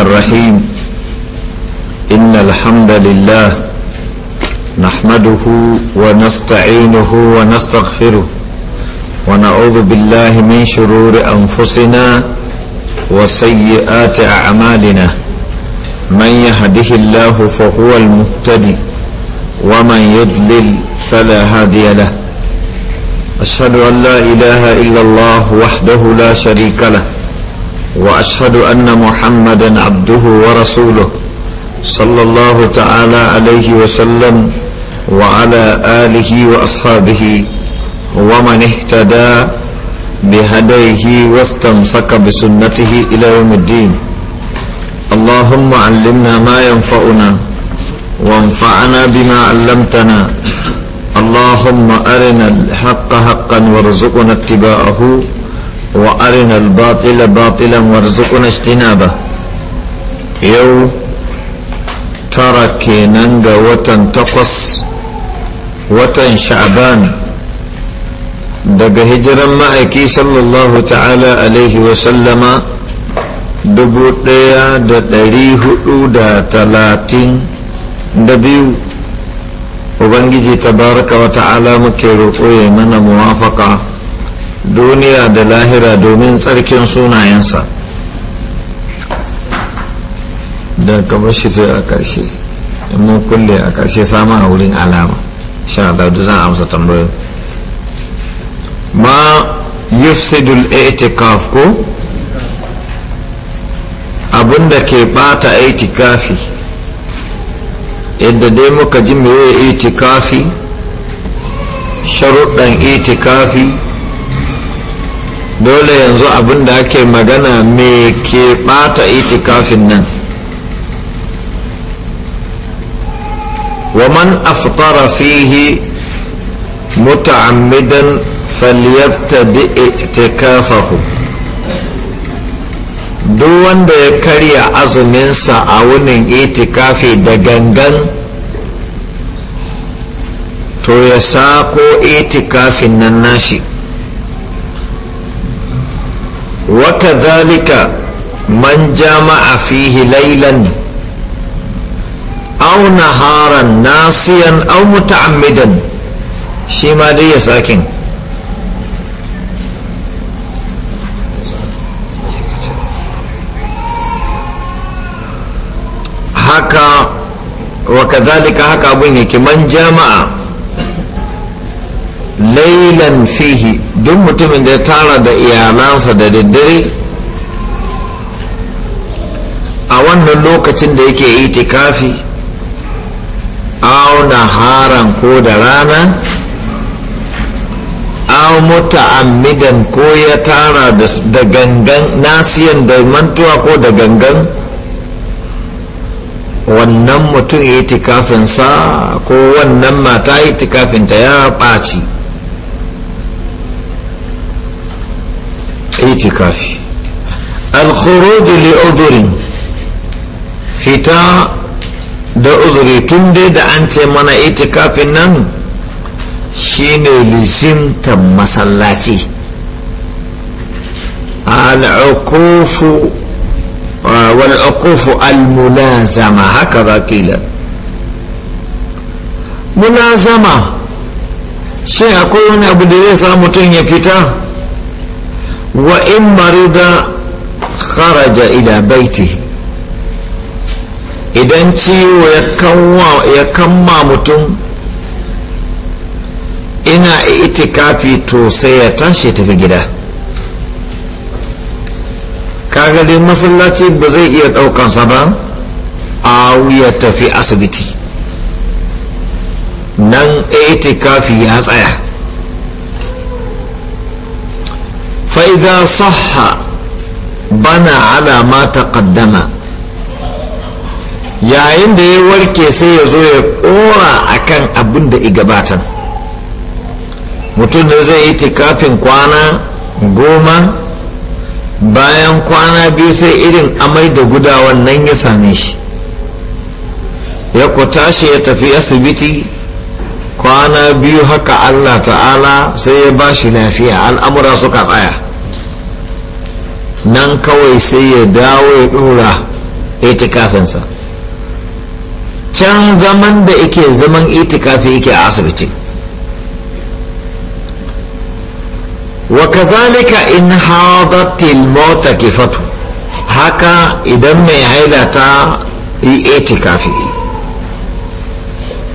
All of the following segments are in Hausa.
الرحيم إن الحمد لله نحمده ونستعينه ونستغفره ونعوذ بالله من شرور أنفسنا وسيئات أعمالنا من يهده الله فهو المهتدي ومن يضلل فلا هادي له أشهد أن لا إله إلا الله وحده لا شريك له واشهد ان محمدا عبده ورسوله صلى الله تعالى عليه وسلم وعلى اله واصحابه ومن اهتدى بهديه واستمسك بسنته الى يوم الدين اللهم علمنا ما ينفعنا وانفعنا بما علمتنا اللهم ارنا الحق حقا وارزقنا اتباعه وأرنا الباطل باطلا وارزقنا اجتنابه يو تركي ننجا وتن تقص watan sha'ban daga hijiran ma'aiki sallallahu ta'ala alaihi wasallama dubu daya da dari hudu da talatin da biyu ubangiji tabaraka wa ta'ala muke roƙo ya mana muwafaka duniya da lahira domin tsarkin sunayensa da kamar shi sai a ƙarshe mun kulle a ƙarshe samun a wurin alama sha da zan amsa tambayoyi ma yufsidul itikaf ko abinda ke bata itikafi yadda dai muka ji meye itikafi sharuɗan itikafi dole yanzu abin da ake magana me ke bata itikafin nan ومن أفطر فيه متعمدا فليبتدئ اعتكافه duk wanda ya karya azuminsa a wunin itikafi da gangan to ya sako itikafin nan nashi وكذلك من جامع فيه ليلا أو نهارا ناصيا أو متعمدا شي ما دي ساكن haka wa kazalika haka abin yake man jama'a lailan fihi duk mutumin da ya tara da iyalansa da daddare a wannan lokacin da yake itikafi auna haran ko da rana aw muta'ammidan ko ya tara da gangan nasiyan da mantuwa ko da gangan wannan mutum ya yi tikafinsa ko wannan mata yi tikafinta ya ɓaci itikafi al-khuruj li udhrin fita da uzuri tun dai da an ce mana itikafin nan shine lisinta masallaci al-ukufu والعقوف الملازمة هكذا قيل Munazama. shi akwai wani abu da zai sa mutum ya fita وإن da kharaja إلى بيته idan ciwo ya kama mutum ina itikafi to sai ya tashi tafi gida kaga dai masallaci ba zai iya ɗaukansa ba a ya tafi asibiti nan kafi ya tsaya فإذا صح بنى على ما تقدم yayin da ya warke sai ya zo ya ɗora a kan abin da igabata mutum zai yi tikafin kwana goma bayan kwana biyu sai irin amai da gudawan nan ya same shi ya ku tashi ya tafi asibiti kwana biyu haka allah ta'ala sai ya ba shi lafiya al'amura suka tsaya nan kawai sai ya dawo ya dora itikafinsa can zaman da ike zaman itikafi yake a asibiti wa kazalika in hadatil mota kifatu haka idan mai haila ta yi itikafi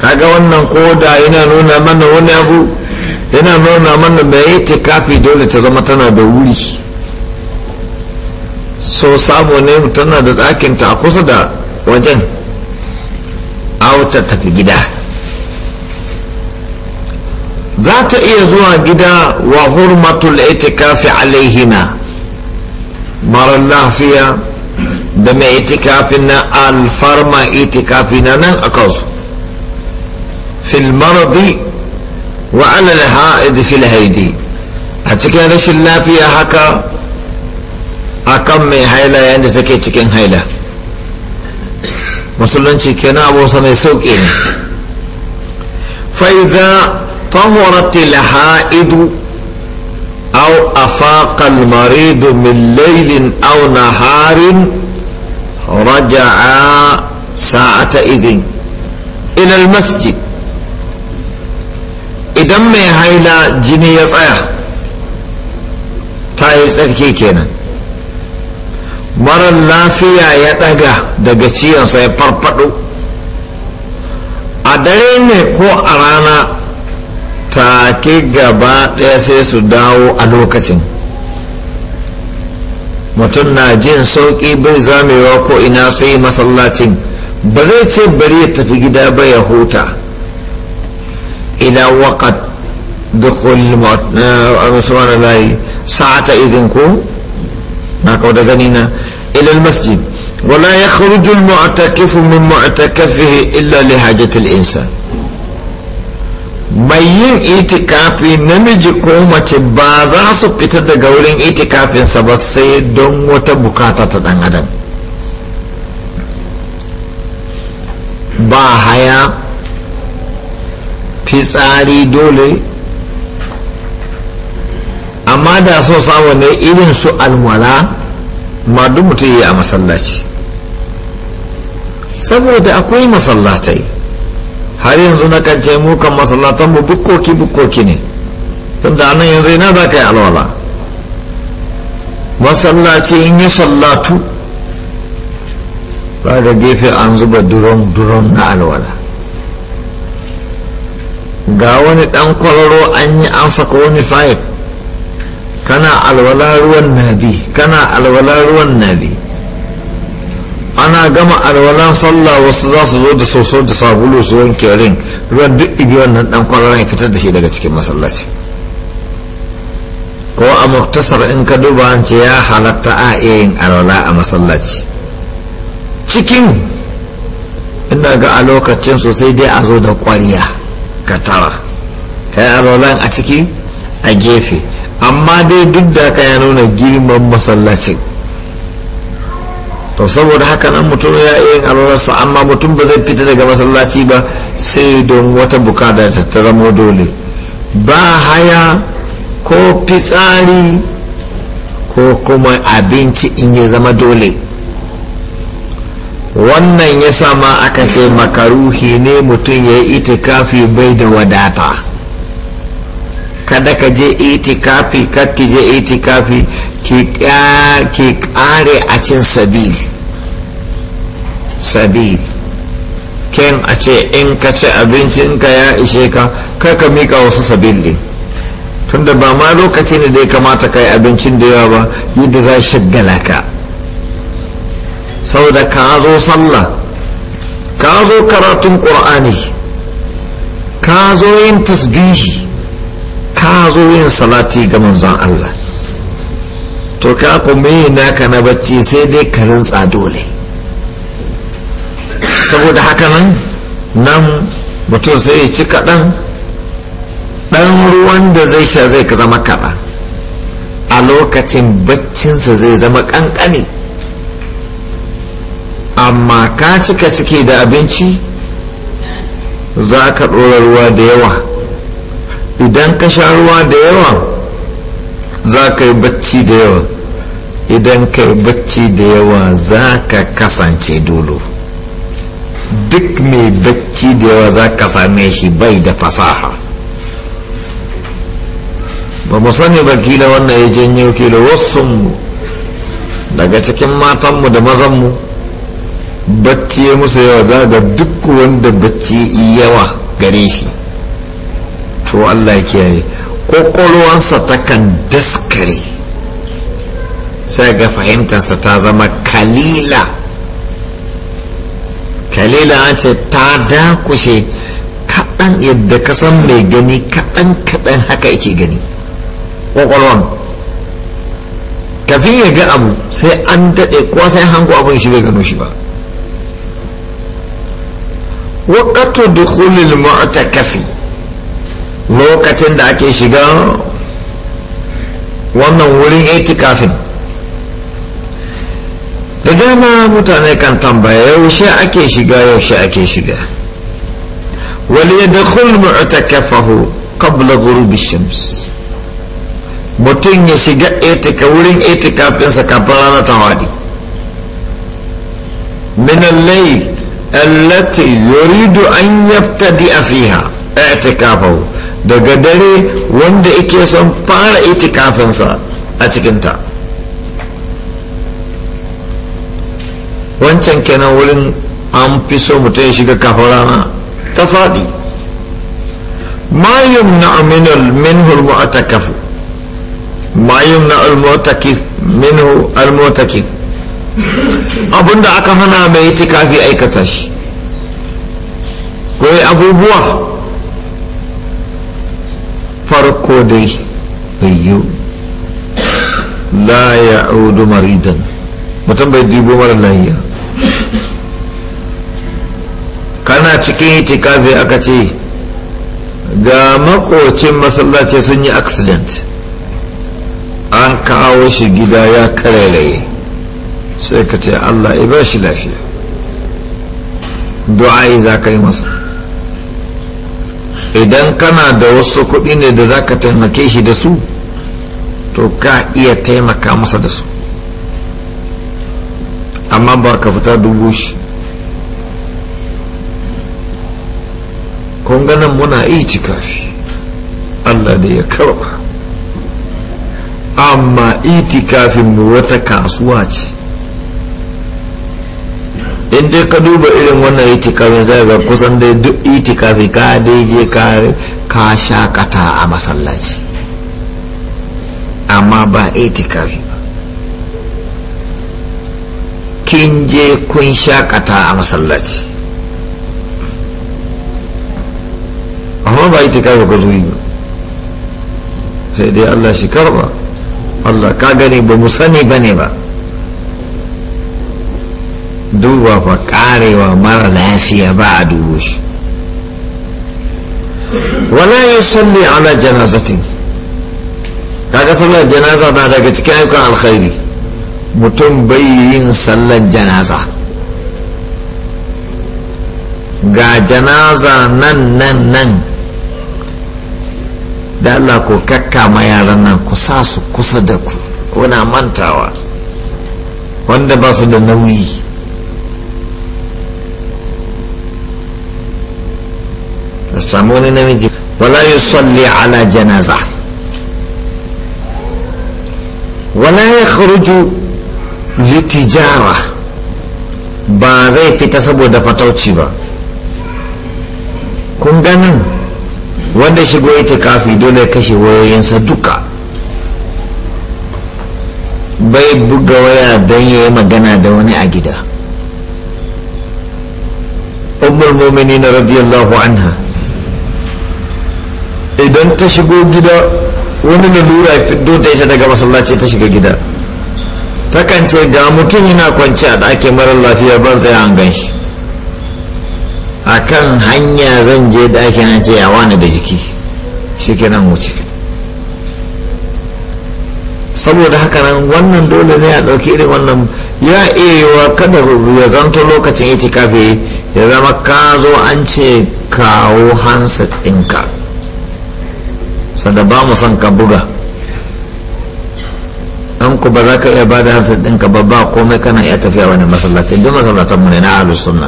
kaga wannan koda yana nuna mana wani abu yana nuna mana mai itikafi dole ta zama tana da wuri so samu ne tana da ɗakinta a kusa da wajen auta tafi gida za ta iya zuwa gida wa hurmatul itikafi alaihina mara lafiya da mai itikafi na alfarma itikafi na nan a kansu fil maradi wa alal ha'id fil a cikin rashin lafiya haka akan mai haila yadda take cikin haila musulunci kena abunsa mai sauƙi ne fa'iza tahuratil ha'idu aw afaqal maridu min laylin aw naharin raja'a sa'ata idin ila masjid idan mai haila jini ya tsaya ta yi tsarki kenan marar lafiya ya daga daga ciyansa ya farfado a dare ne ko a rana take gaba daya sai su dawo a lokacin mutum na jin sauki bai zamewa ko ina sai masallacin ba zai ce bari ya tafi gida ba ya huta idan wakat dukkan eh, musamman layi sa'ata idin ko na kauda gani na ilal masjid wala ya al mu'takafu min mu'takafihi illa li hajatil insan mai yin itikafi namiji ko mace ba za su fita daga wurin itikafinsa ba sai don wata bukata ta dan adam ba haya fitsari dole amma da so samu ne irin su alwala ma duk mutum yi a masallaci saboda akwai masallatai har yanzu na kance mu kan masallatan mu bukkoki bukkoki ne tun da anan yanzu ina za ka yi alwala masallaci in yi sallatu ba da gefe an zuba duron duron na alwala ga wani dan kwararo an yi an saka wani fayil kana alwala ruwan nabi kana alwala ruwan nabi ana gama alwalan sallah wasu za su zo da soso da sabulu su wanke rin ruwan duk ibi wannan dan kwararan ya fitar da shi daga cikin masallaci ko a muktasar in ka duba an ce ya halatta a yin alwala a masallaci cikin ina ga a lokacin sosai dai a zo da kwariya ka tara kai alwalan a ciki a gefe amma dai duk da haka ya nuna girman masallacin to saboda haka nan mutum ya yi alwarsa amma mutum ba zai fita daga masallaci ba sai don wata bukata ta zama dole ba haya ko fitsari ko kuma abinci in ya zama dole wannan ya sama aka ce makaruhi ne mutum ya yi ita itikafi bai da wadata kada ka je itikafi ki je itikafi ki kare a cin sabili. sabili. ken a ce in ka ci abincinka ya ishe ka ka mika wasu sabili. tunda ba ma lokaci ne da ya kamata ka yi abincin da yawa ba yadda za gala ka saboda ka zo sallah ka zo karatun ƙur'ani ka zo yin tasbihi ka zo yin salati ga manzon Allah to ka mai na naka na bacci sai dai ka rintsa dole saboda haka nan nan mutum sai ya ci kaɗan ɗan ruwan da zai sha zai ka zama kaɗan a lokacin baccinsa zai zama ƙanƙani amma ka cika ciki da abinci za ka ɗora ruwa da yawa idan ka sha ruwa da yawa za ka yi bacci da yawa idan ka yi bacci da yawa za ka kasance dolo duk mai bacci da yawa za ka same shi bai da fasaha ba mu sani ba kila wannan ya janyo kila wasunmu daga cikin matanmu da mazanmu bacci ya musu yawa za ga duk wanda bacci yawa gare shi to Allah ya kiyaye kwakwalwarsa kan daskare sai ga fahimtarsa ta zama kalila kalila an ce ta dakushe kaɗan yadda ka san mai gani kaɗan kaɗan haka yake gani kwakwalwan kafin ya ga abu sai an daɗe ko sai hango abin shi bai gano shi ba وقت دخول mu'takafi kafi lokacin da ake shiga wannan wurin itikafin da dama mutane kan tambaya yaushe ake shiga yaushe ake shiga wani ya dakhul mu'takafahu qabla ghurubi shams mutum ya shiga etika wurin itikafinsa kafin rana ta wadi min al-layl allati yuridu an yabtadi fiha i'tikafahu daga dare wanda yake son fara itikafinsa a cikinta wancan kenan wurin an fi so mutum ya shiga kafin rana ta faɗi ma na aminul al-mu'takif ma yumna al minhu abinda aka hana mai itikafi aikata shi koyi abubuwa farko dai bayyu la ya audu maridan mutum bai dubo mara lahiya kana cikin itikafi aka ce ga makocin masallaci sun yi accident an kawo shi gida ya karelaye sai ka ce allah ya shi lafiya du'a'i za ka yi masa idan kana da wasu kuɗi ne da za ka taimake shi da su to ka iya taimaka masa da su amma ba ka fita dubu shi kun ganin muna itikafi allah da ya karba amma itikafin mu wata kasuwa ce in dai ka duba irin wannan itikafin zai ga kusan dai duk itikafi ka dai je ka ka shakata a masallaci amma ba itikafi ba kin je kun shakata a masallaci amma ba itikafi ka zo ba sai dai allah shi karba allah ka gani ba mu sani ba ne ba duba fa karewa mara lafiya ba a dubo shi Wani ya salli ala janazatin kaga sallar janaza na daga cikin ayyukan alkhairi mutum bai yin sallar janaza ga janaza nan nan nan da Allah ko kakkama yaran nan ku sa su kusa da ku na mantawa wanda ba su da nauyi da samu wani namiji wala yusalli ala janaza wala ya kharuju litijara ba zai fita saboda fatauci ba kun ganin wanda shigo kafi dole kashe wayoyinsa duka bai buga waya don yi magana da wani a gida umar na radiyallahu anha idan ta shigo gida wani lalura ya fito ta isa daga masallaci ta shiga gida takan ce ga mutum yana kwanci a ake marar lafiya ban tsaya an gan shi a kan hanya zan je da ake nan ce ya wani da jiki shi ke nan wuce saboda haka nan wannan dole ne a ɗauki irin wannan ya iya kada ya zanto lokacin itikafi ya zama ka zo an ce kawo hansa ɗinka sanda ba mu son ka buga an ku ba za ka iya ba da harshen ɗinka ba ba komai kana iya tafiya wani masallaci duk masallatan mu ne na ahlus sunna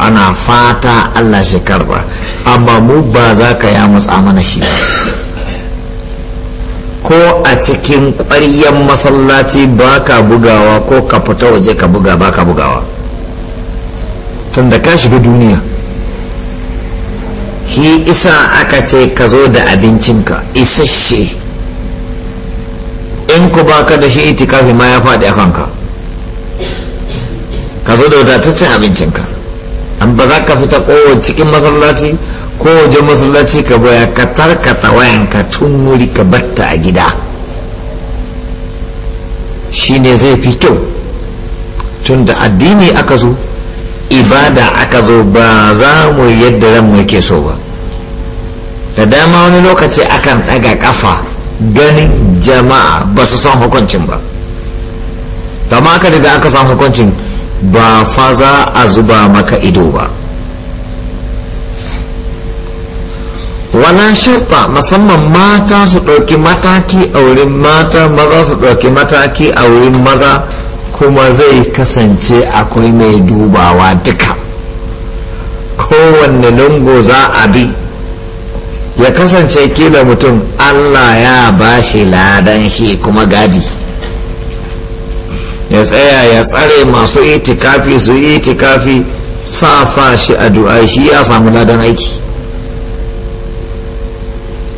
ana fata Allah shi karba amma mu ba za ka ya mutsa mana shi ba ko a cikin ƙwaryan masallaci ba ka bugawa ko ka fita waje ka buga ba ka bugawa tunda ka shiga duniya shi isa aka ce ka zo da abincinka isasshe in ku ba ka da shi itikafi ma ya faɗi a kanka ka zo da wadataccen abincinka an ba za ka fita kowace cikin masallaci ko wajen masallaci ka baya ka tarkata wayanka tun wuri ka batta a gida shi ne zai fi kyau tun da addini aka zo ibada aka zo ba za mu yadda ranmu yake so ba da dama wani lokaci akan ɗaga ƙafa ganin jama'a ba su san hukuncin ba dama aka daga aka san hukuncin ba fa za a zuba maka ido ba wannan shirta musamman mata su ɗauki mataki a wurin mata maza su ɗauki mataki a wurin maza kuma zai kasance akwai mai dubawa duka kowanne lungu za a bi ya kasance kila mutum allah ya ba shi ladan shi kuma gadi ya tsaya ya tsare masu itikafi su yi itikafi sa sa shi a du'a shi ya samu ladan aiki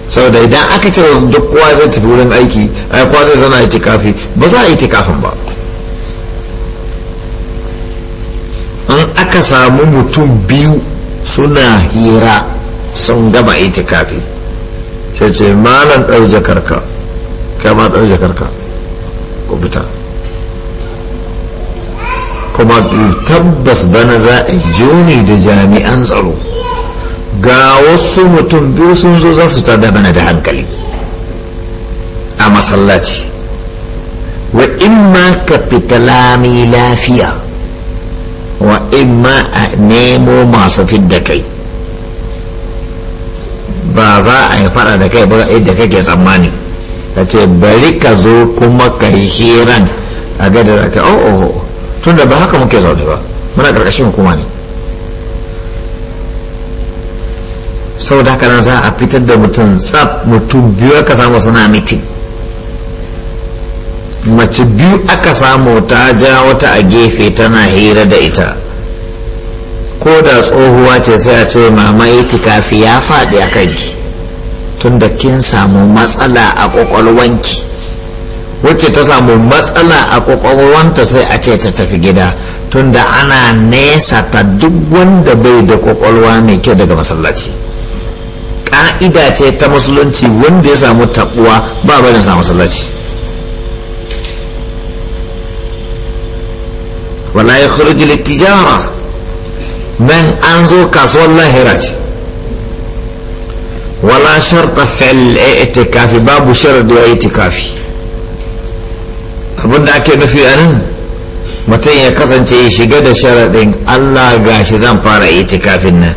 saboda idan aka ce duk kowa zai tafi wurin aiki ai kowa zai zana itikafi ba za a itikafin ba in aka samu mutum biyu suna hira sun gama itikafi sai ce malam ɗau jakarka kama ɗau jakarka ku fita kuma tabbas bana za a joni da jami'an tsaro ga wasu mutum biyu sun zo za su tada bana da hankali a masallaci wa imma ka fita lami lafiya wa imma a nemo masu fidda kai ba za a yi fada da kai ba yadda kake tsammani ta ce bari ka zo kuma ka yi hiran a gada da ka oh, oh, oh. tun da ba haka muke zaune ba muna karkashin hukuma ne sau da kanan za a fitar da mutum tsab mutum biyu ka samu suna mitin mace biyu aka samu ta ja wata a gefe tana hira da ita ko da tsohuwa ce sai a ce mama kafi ya faɗi a kanki tun da kin samu matsala a ƙwaƙwalwanki wacce ta samu matsala a ƙwaƙwalwanta sai a ce ta tafi gida tun da ana nesa ta duk wanda bai da ƙwaƙwalwa mai kyau daga masallaci ƙa'ida ce ta musulunci wanda ya samu taɓuwa ba barin sa masallaci wala ya khuruj tijara nan an zo kasuwar lahira wala sharta fil i'tikafi babu sharadi ya itikafi da ake nufi a nan mutum ya kasance ya shiga da sharaɗin allah gashi zan fara itikafin nan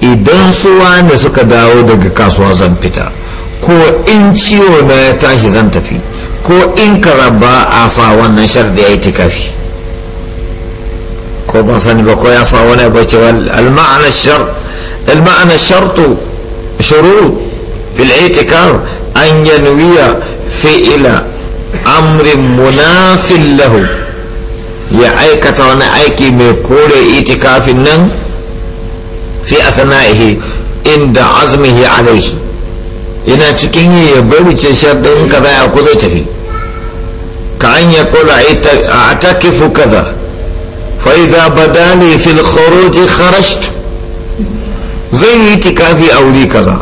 idan su wanda suka dawo daga kasuwa zan fita ko in ciwo na ya tashi zan tafi ko in kaza ba a sa wannan sharaɗi ya itikafi ko ban sani ba ko ya sa wani abu cewa al-ma'ana shar al-ma'ana shartu shurut fil i'tikar an yanwiya fi'ila amrin munafin lahu ya aikata wani aiki mai kore itikafin nan fi asana'ihi inda azmihi alaihi yana cikin yi ya bari ce sharɗin kaza ya kusa tafi ka an ya kola a takifu kaza فإذا بداني ne الخروج خرجت zai yi tikafi a wuri kaza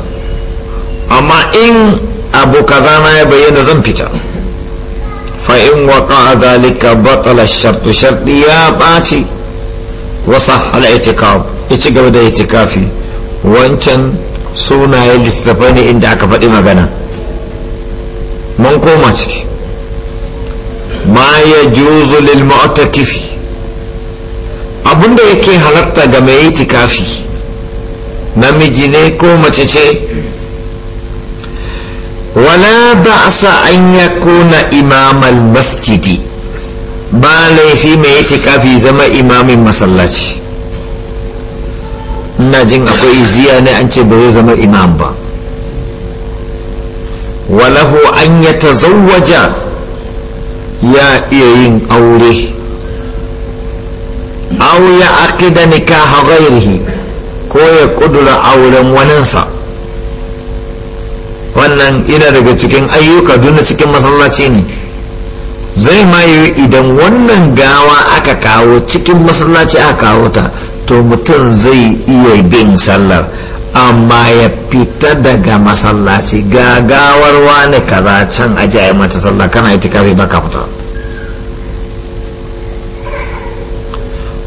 amma in abu kaza na ya bayyana zan fita fa'in waka a zalika batala shartu sharti ya ɓaci wasa hala da ya tikafi wancan sunaye littattafai ne inda aka faɗi magana mun koma ciki ma ya juzu lil abinda yake halatta ga mai itikafi namiji ne ko mace ce wala ba'sa an yakuna imamal masjidi ba laifi mai itikafi zama imamin masallaci ina jin akwai ziya ne an ce ba zai zama imam ba walahu an ya tazawwaja ya iya yin aure au ya aqida nikaha ghairihi ko ya kudura auren waninsa wannan ina daga cikin ayyuka duna cikin masallaci ne zai ma idan wannan gawa aka kawo cikin masallaci aka kawo ta to mutum zai iya bin sallar amma ya fita daga masallaci gagawar wani kaza can aji a yi mata sallar kana ita kare baka fita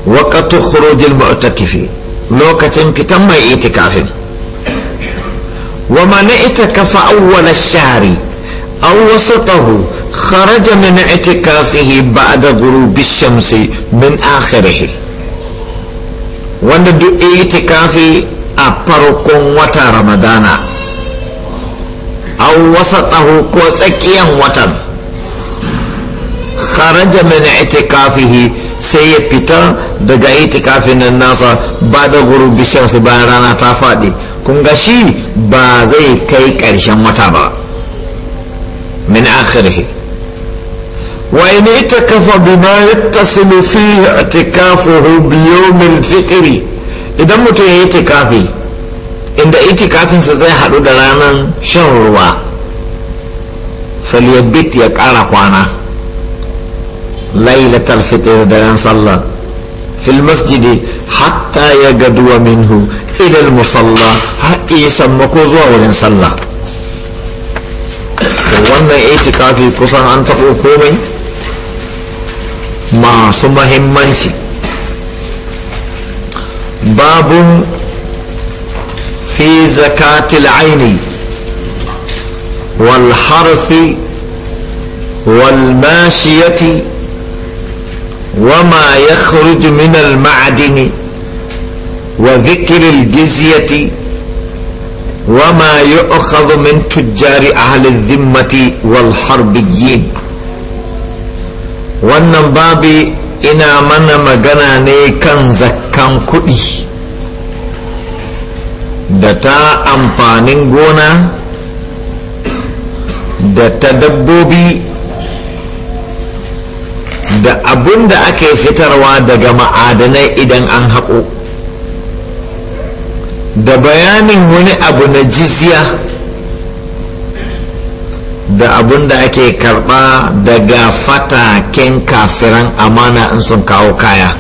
وقت خروج المعتكف لوكتن كتم ما اعتكاف ومن اعتكف أول الشهر أو وسطه خرج من اعتكافه بعد غروب الشمس من آخره wanda duk itikafi a farkon wata ramadana an wasa taho ko tsakiyan watan kharaja min itikafihi sai ya fita daga itikafin nan nasa ba da guru bishansu bayan rana ta faɗi kun ga shi ba zai kai ƙarshen wata ba min akhirhi wa ina in itakafa bima yattasilu fihi i'tikafuhu biyo mil fikiri idan mutum ya yi itikafi inda itikafinsa zai haɗu da ranar shan ruwa falyabit ya ƙara kwana lailatul fitr daren sallah fil masjidi hatta ya gaduwa minhu idan musalla har iya mako zuwa wurin sallah wannan itikafi kusan an taɓo komai masu mahimmanci babun fi zakatil aini wal harfi wal mashiyati وما يخرج من المعدن وذكر الجزية وما يؤخذ من تجار أهل الذمة والحربيين wannan babi ina mana magana ne kan zakkan kuɗi da ta amfanin gona da ta dabbobi da abun da ake fitarwa daga ma'adanai idan an haƙo da bayanin wani abu na jizya da abun da ake karɓa daga fataken kafiran amana in sun kawo kaya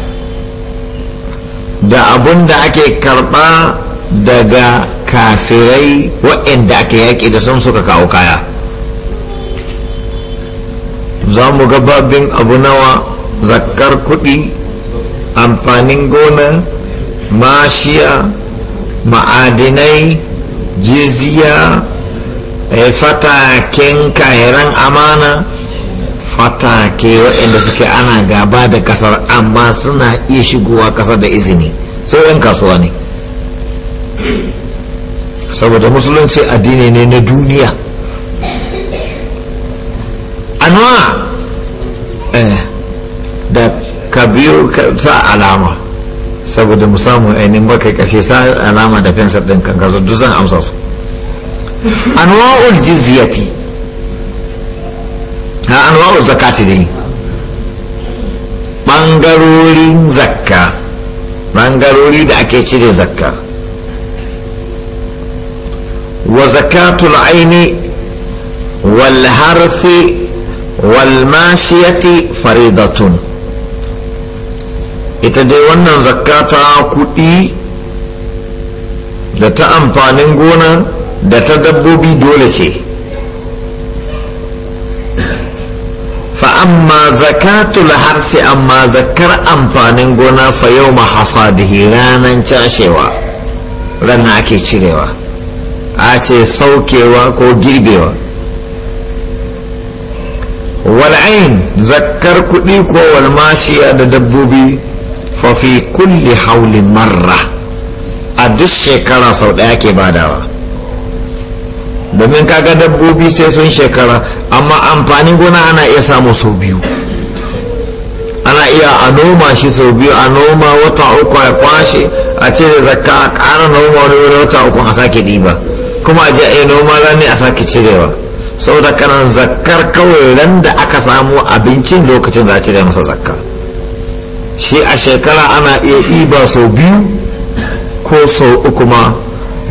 da abun da ake karɓa daga kafirai waɗanda aka yaƙi da sun suka kawo kaya za mu ga babin abu nawa zakkar kuɗi amfanin gona mashiya ma'adinai jiziya eh, fataken kahiran amana fatake waɗanda suke ana gaba da ƙasar amma suna iya shigowa ƙasa da izini sai yan kasuwa ne saboda musulunci addini ne na duniya biyu sa alama saboda mu samu ainihin bakai kashe sa alama da fensar din kan amsa su anwa'ul jizyati anwa'ul zakati ne bangarorin zakka bangarori da ake cire zakka wa zakatul aini wal harfi wal mashiyati faridatun ita dai wannan zakata kuɗi da ta amfanin gona da ta dabbobi dole ce fa'amma zakatul harsi amma zakar amfanin gona fa yau mahasadihi ranar cashewa ranar ake cirewa a ce saukewa ko girbewa wal'ain zakkar kuɗi ko walmashiya da dabbobi fafi kulli haulin marra a duk shekara sau ɗaya ke badawa domin kaga dabbobi sai sun shekara amma amfani gona ana iya samu sau biyu ana iya a noma shi sau biyu a noma wata uku a kwashe a ce da zakka a ƙara noma wani wani wata uku a sake diba kuma a je a noma rani a sake cirewa saboda kanan zakkar kawai ran aka samu abincin lokacin za a cire masa zakka shi a shekara ana iya ɗiba sau biyu ko sau uku ma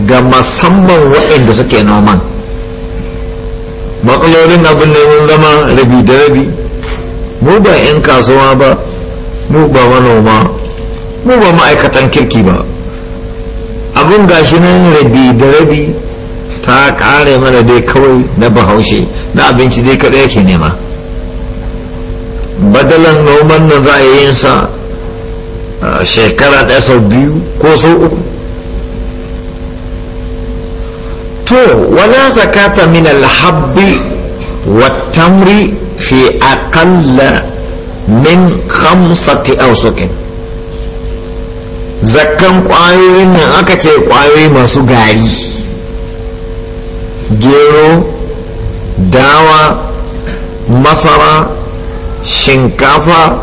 ga musamman waɗanda suke noman matsalolin abin da yin zama rabi da rabi mu ba 'yan kasuwa ba mu ba manoma mu ba ma'aikatan kirki ba abin gashi nan rabi da rabi ta kare mana dai kawai na bahaushe na abinci dai kaɗai yake nema badalan noman nan za a yin sa shekara ɗaya sau biyu ko sau uku to wala zakata min alhabbi watamri fi aƙalla min khamsati sokin zakkan kwayoyin nan aka ce kwayoyi masu gari gero dawa masara shinkafa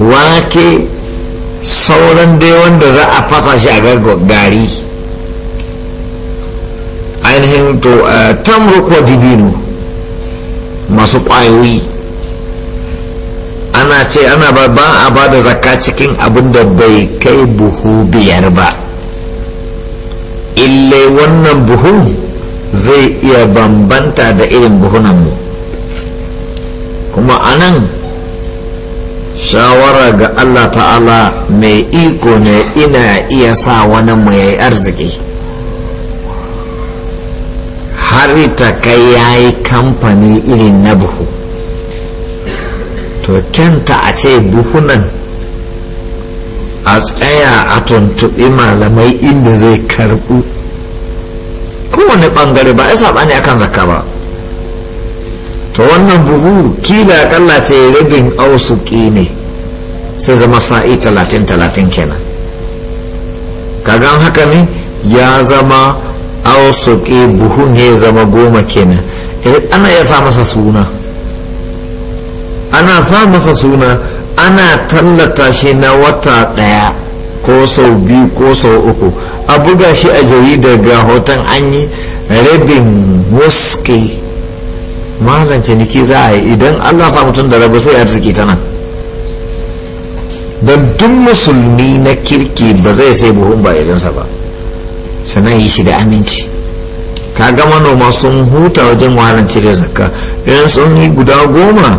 wake sauran dai wanda za a fasa shi a gari ainihin to eh, tamru ko dibino masu kwayoyi ana ce ana ba a ba da zakka cikin abin da bai kai buhu biyar ba illai wannan buhun zai iya bambanta da irin buhunanmu kuma anan shawara ga allah ta'ala mai iko ne ina iya sa wani mai arziki har ta kai ya yi kamfani irin na buhu to kenta a ce buhunan a tsaya a tuntuɓi malamai inda zai karɓu kowane ɓangare ba ya saɓani akan zakka ba to wannan buhu kila kalla ce rabin ausuki ne sai zama sa'i talatin talatin kenan kagan haka ne ya zama ausuki buhu ne zama goma kenan eh, ana ya sa masa suna ana sa masa suna ana tallata shi na wata daya ko sau biyu ko sau uku a buga shi a jaridar ga hoton an yi rabin wuski magance ciniki za a yi idan allah sa mutum da rabu sai arziki ta nan don duk musulmi na kirki ba zai sai buhun ba idansa ba sannan yi shi da aminci ka ga manoma sun huta wajen wahalar da zakka in sun yi guda goma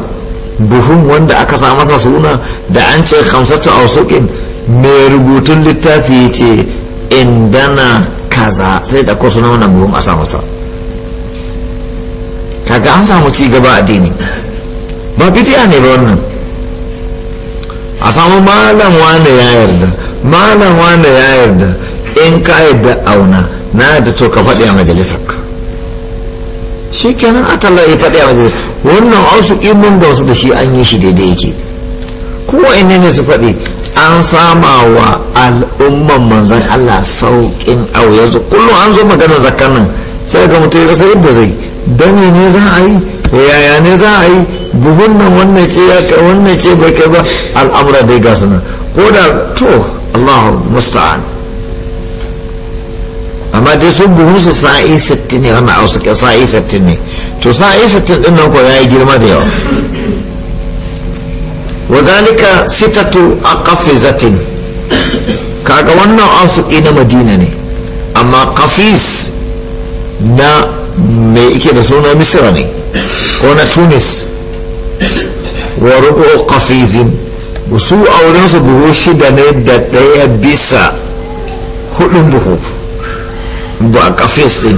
buhun wanda aka sa masa suna da an ce hamsatu a sukin mai rubutun littafi ce indana kaza sai da ko na buhun a sa masa kaga an samu ci gaba addini ba bidiya ne ba wannan a samu malam wanda ya yarda malam wanda ya yarda in ka yarda auna na da to ka faɗi a majalisar shi kenan a talla ya faɗi a majalisar wannan imin mun wasu da shi an yi shi daidai yake kuma ina ne su faɗi an sama wa al'umman manzan Allah sauƙin au kullum an zo maganar zakar nan sai ga mutum ya yadda zai dami ne za a yi yaya ne za a yi buhun nan wannan ce ya kai wannan ce bai kai ba al'amura dai ga suna ko da to allah musta'an amma dai sun buhun su sa'i 60 ne wannan ausu ke sa'i 60 ne to sa'i 60 din nan ko ya yi girma da yawa wadalika sitatu zatin kaga wannan ausuki na madina ne amma qafis na mai ike da suna misira ne ko na tunis wa rubu kafizin su aurensu buhu shida ne da ɗaya bisa hudun buhu ba kafis din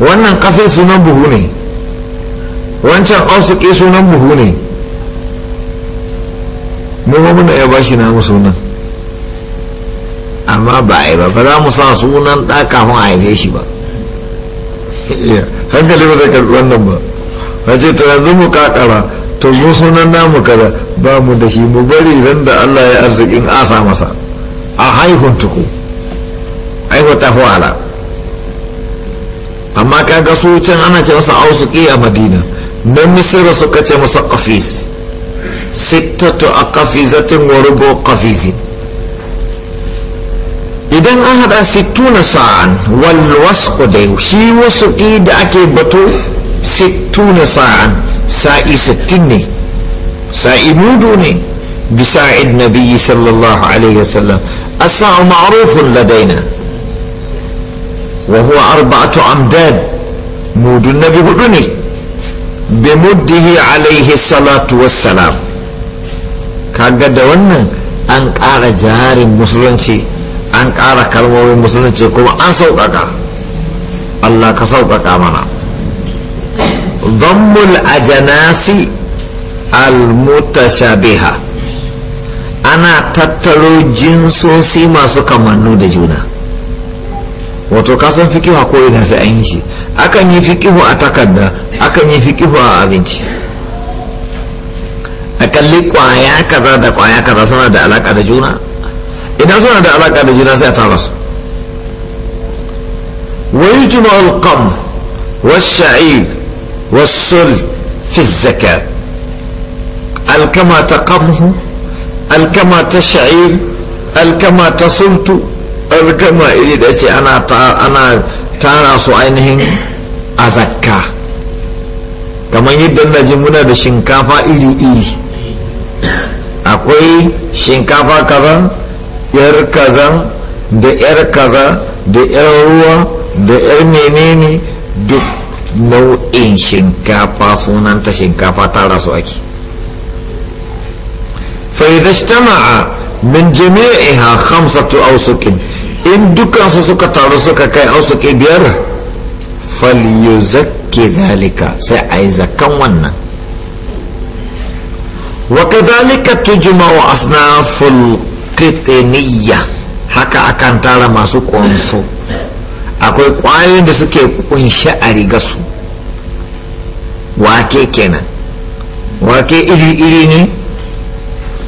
wannan kafin sunan buhu ne wancan ausuki sunan buhu ne mu muna ya bashi na musu nan amma ba a yi ba ba za mu sa sunan ɗa kafin a haife shi ba hankali ba zai karbi wannan ba a ce to yanzu mu kakara to mu sunan namu kaza ba mu da shi mu bari ran da Allah ya arzikin asa masa a haihun tuku aiwa ta fa'ala amma ka su can ana ce masa ausuki a madina na misira suka ce masa kafis sittatu a kafizatin wa rubu kafisin idan an hada sittuna sa'an wal wasqu dai shi wasuki da ake bato sittuna sa'an sa'i sittin ne sa'i mudu ne bisa'id nabiyyi sallallahu alaihi wasallam asa'u ladaina wa huwa arba'atu amdad وهو nabi hudu ne bi muddihi alaihi salatu wassalam kaga da wannan an قال jarin musulunci an ƙara kalmomin musulunci kuma an sauƙaƙa allah ka sauƙaƙa mana zammul ajanasi almutashabiha ana tattaro jinsosi masu kamannu da juna wato kasan fikihu a ko'ina sai an yi shi akan yi fikihu a takarda akan yi fikihu a abinci a kalli kwaya kaza da kwaya kaza suna da alaka da juna idan suna da alaka da juna sai a tara su wa yujma al-qam wa sha'ir wa sul fi zakat alkama ta qamhu alkama ta sha'ir alkama ta sultu alkama iri da ce ana ana tara su ainihin a zakka kamar yadda na ji muna da shinkafa iri-iri akwai shinkafa kazan yar kaza da yar kaza da yar ruwa da yar menene duk nau'in shinkafa sunan ta shinkafa ta rasu ake faidashtama'a min jami'iha hamsatu ausukin in dukansu suka taru suka kai ausuki biyar falyuzakki zalika sai a yi zakan wannan وكذلك تجمع asnaful kitiniya haka akan tara masu kwanso akwai ƙwayoyin da suke ƙunshi a rigasu wake kenan wake iri-iri ne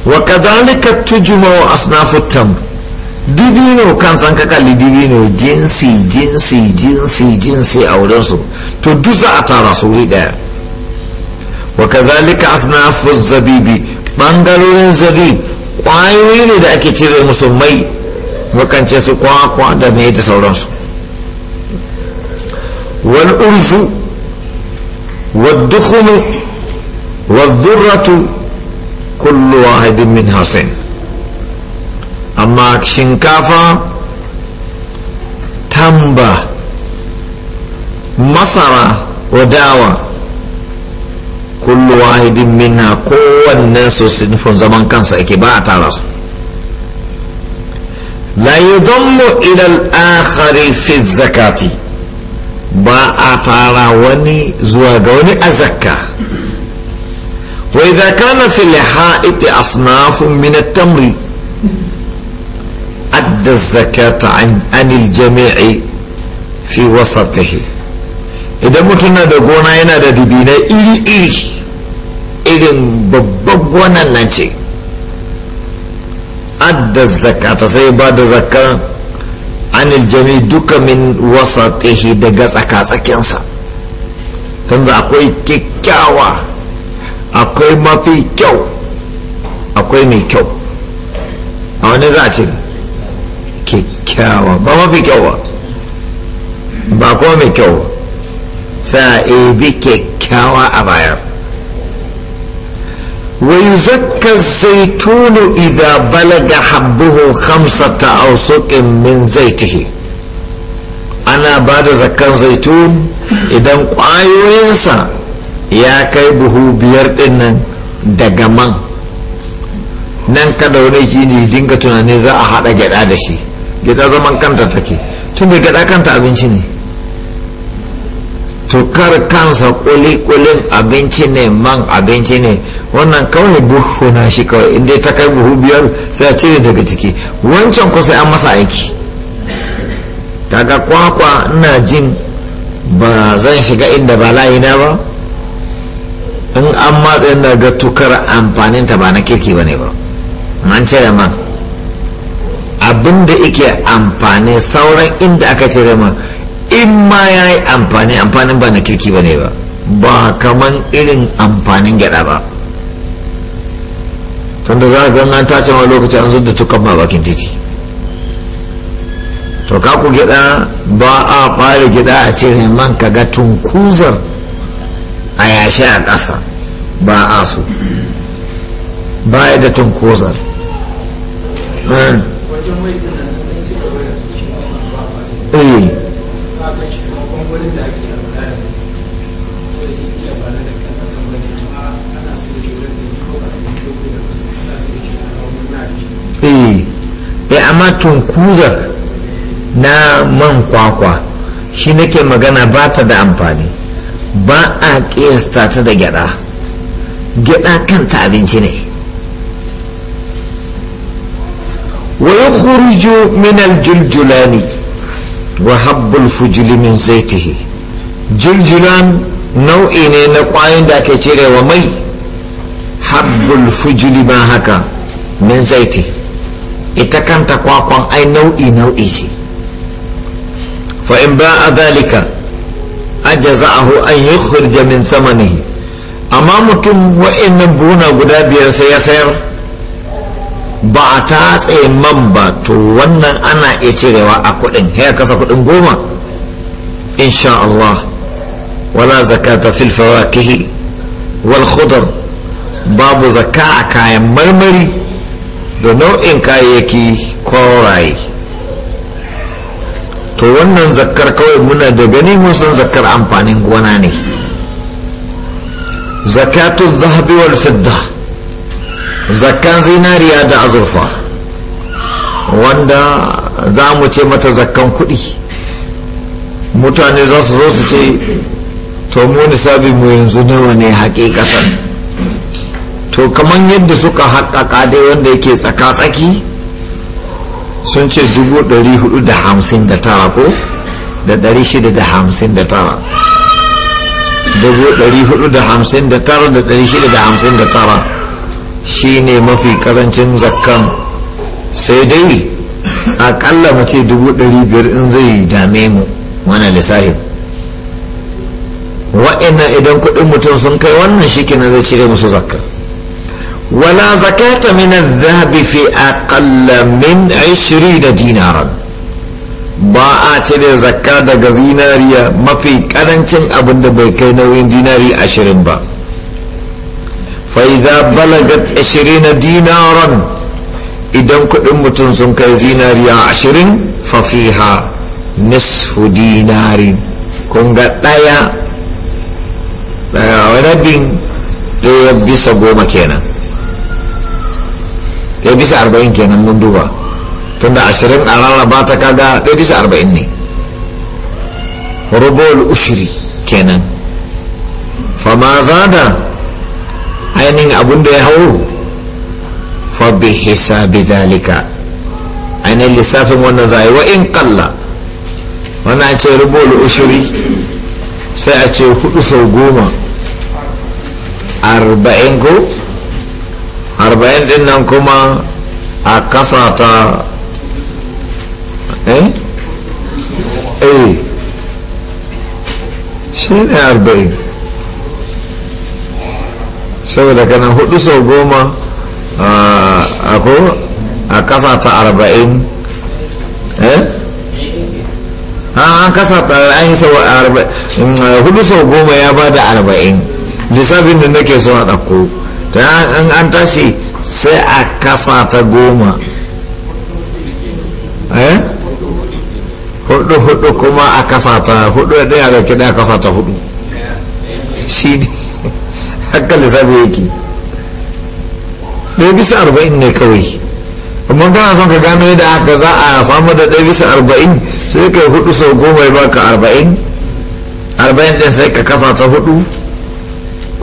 wa tujuma wa asnafu tam dibino kan san ka kalli dibino jinsi jinsi jinsi jinsi a wurin su to duza a tara su wuri daya wa kadhalika asnafu zabibi bangarorin zabib ƙwayoyi ne da ake cire musu mai makance su kwakwa da mai da sauransu wal urzu wal dukhulu wal dhurratu kullu wahidin min hasin amma shinkafa tamba masara wadawa. كل واحد منها قوة الناس صنف زمن كان سأكباء ترس لا يضم إلى الآخر في الزكاة با أتارى وني زواجوني أزكى وإذا كان في الحائط أصناف من التمر أدى الزكاة عن, عن الجميع في وسطه إذا متنا دقونا هنا دبينا إلي إلي irin babban gonan nan ce adda ta sai ba da zakka anil jami duka min wasatihi daga tsaka-tsakinsa tunda akwai kyakkyawa akwai mafi kyau akwai mai kyau a wani za a ce kyakkyawa ba mafi kyau ba ba kuma mai kyau sai a ebi kyakkyawa a bayan ويزكى الزيتون إذا بلغ حبه خمسة أوسق من زيته أنا بعد زكاة زيتون إذا قاي وينسى يا كيبه بيرد إن دقمان nan kada wani shi ne dinga tunani za a haɗa gyaɗa da shi gyaɗa zaman kanta take tun da gyaɗa kanta abinci ne tukar kansa kulikulin abinci ne man abinci ne wannan kawai buhu na shi kawai inda ta kai buhu biyar sai a cire daga ciki wancan kusa an masa aiki kaga kwakwa ina jin ba zan shiga inda ba layina ba in an matsa yana ga tukar amfaninta ba na kirki ba ne ba man cire man abinda ike amfani sauran inda aka cire man in ma ya yi amfani amfanin ba na kirki ba ne ba ba kaman irin amfanin gyada ba tunda za ga na ta cewa lokaci an zo da tukan ma bakin titi to ka ku gyada ba a fara gyada a cire man ka ga tunkuzar a yashe a ƙasa ba a so baya da tunkuzar eh, eh. ya eh, amma tunkuzar na man kwakwa shi nake magana ba ta da amfani ba a ƙiyasta ta da gyada gyada kanta abinci ne wani ya minal min aljuljulani wa habbul fujuli min zaitihi juljulan nau'i ne na kwayoyin da ake cirewa mai habbul fujuli ma haka min zaitihi ita kanta kwakwan ai nau'i nau'i ce fa in ba a zalika ajaza'ahu an sama min thamanihi amma mutum wa'annan buhuna guda biyar sai ya sayar ba a tatse man ba to wannan ana iya cirewa a kudin ya kasa kudin goma insha Allah wala zakata fil fawakihi wal khudar babu zakka a kayan marmari da nau'in kayayyaki koraye to wannan zakkar kawai muna da gani mun san zakkar amfanin gona ne zakatun zahabi wal fidda zakkan zinariya da azurfa wanda za mu ce mata zakkan kuɗi mutane za su zo su ce to mu nisabi mu yanzu nawa ne hakikatan to kamar yadda suka haƙaƙa dai wanda yake tsaka-tsaki sun ce 459 ko da 659 shi ne mafi karancin zakkan sai dai akalla mace ce 500 in zai dame mu mana lissahi wa'ina idan kuɗin mutum sun kai wannan shi na zai cire musu zakkan. ولا زكاة من الذهب في أقل من عشرين دينارا ba a cire zakka daga zinariya mafi karancin abin da bai kai nauyin dinari ashirin ba fa'iza balagat ashirin dinaran idan kudin mutum sun kai zinariya ashirin fafiha nisfu dinari kun ga ɗaya rabin ɗaya bisa goma kenan ɗaya bisa arba'in kenan mun duba tunda ashirin a rarraba ta kaga ɗaya bisa arba'in ne rubol ushiri kenan fama zada ainihin abun da ya hau fa bi hisabi zalika ainihin lissafin wannan zai wa in kalla wannan ce rubol ushiri sai a ce hudu sau goma arba'in ko arba'in din nan kuma a kasa ta eh, eh. shi ne arba'in saboda kanan hudu sau goma a kasa ta arba'in eh an kasa ta an yi sau arba'in hudu sau goma ya ba da arba'in lissafin da nake so a ɗauko in an tashi sai a kasa ta goma eh? hudu hudu kuma a kasa ta hudu da ya zaki da kasa ta hudu shi ne haka lissafi yake ɗaya bisa arba'in ne kawai amma kana son ka gano yadda haka za a samu da ɗaya bisa arba'in sai ka hudu sau goma ya baka arba'in arba'in ɗin sai ka kasa ta hudu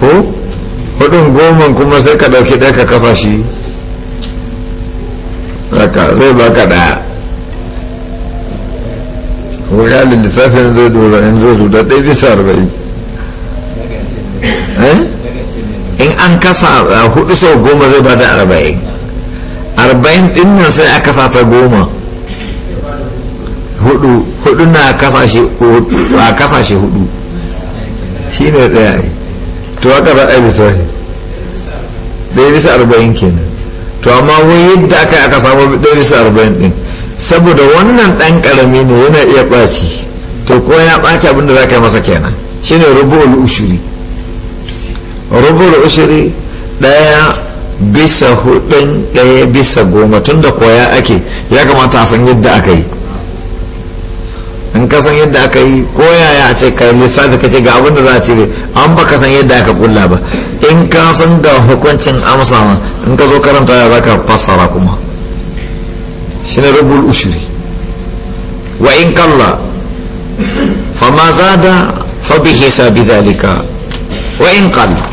ko hudun goma kuma sai ka dauki ɗaya ka kasa shi zai ka ɗaya wuya da lissafin zai dora in zai dora ɗaya bisa arba'in eh? in an kasa hudu sau goma zai bada arba'in arba'in din nan sai aka sa ta goma hudu hudu na kasashe hudu shi ne ɗaya to aka ba ɗaya lissafi ɗaya bisa arba'in kenan to amma wai yadda aka aka samu ɗaya bisa arba'in ɗin saboda wannan ɗan karami ne yana iya ɓaci to ko ya ɓaci abin da za ka yi masa kenan shi shine rubu'ul ushuri rubu'ul ushuri ɗaya bisa hudun ɗaya bisa goma tunda da koya ake ya kamata a san yadda aka yi in ka san yadda aka yi ko yaya a ce ka lissafi ka ce ga abin da za a ce an ba ka san yadda aka kulla ba in ka san ga hukuncin amsawa in ka zo karanta ya za ka fassara kuma shi ne rubul ushiri wa in kalla fa ma zada fa bi hisabi zalika wa in qalla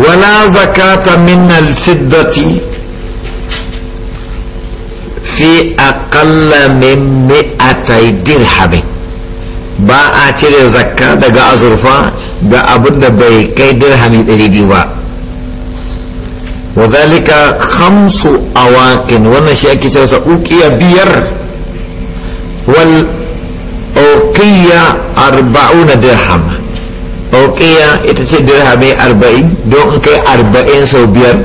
wala zakata min al-fiddati fi aƙalla min mi'atai dirhamin ba a cire zakka daga azurfa ga abin da bai kai dirhami ɗari biyu ba wazalika hamsu khamsu awakin wannan shi ake cewa uqiya biyar wal uqiya arba'una dirham uqiya ita ce dirhami arba'in don kai arba'in sau biyar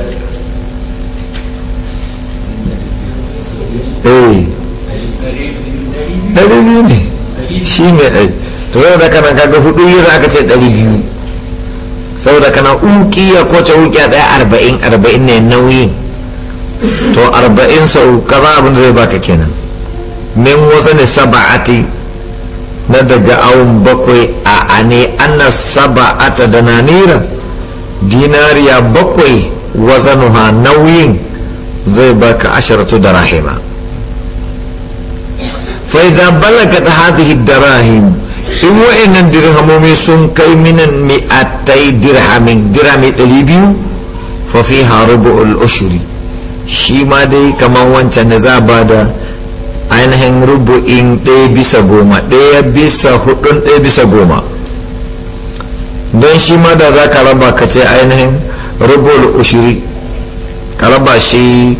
Eh. ɗari biyu ne shi ne ɗai eh. to yau da kanan kaga hudu yi za ka ce ɗari saboda kana ukiya ko ce a ɗaya arba'in arba'in ne nauyin to arba'in sau kaza abin da zai baka kenan min wasu ne saba'ati na daga awon bakwai a ane ana saba'ata da na nanira dinariya bakwai wazanuha nauyin zai baka asharatu da rahima fa idza balagat hadhihi darahim in wa'annan dirhamomi sun kai minan mi'atai dirhamin dirhami ɗari biyu fa fiha rubu'ul ushuri shi ma dai kamar wancan da za ba da ainihin rubu'in ɗaya bisa goma ɗaya bisa hudun ɗaya bisa goma don shi ma da za ka raba ka ce ainihin rubu'ul ushuri ka raba shi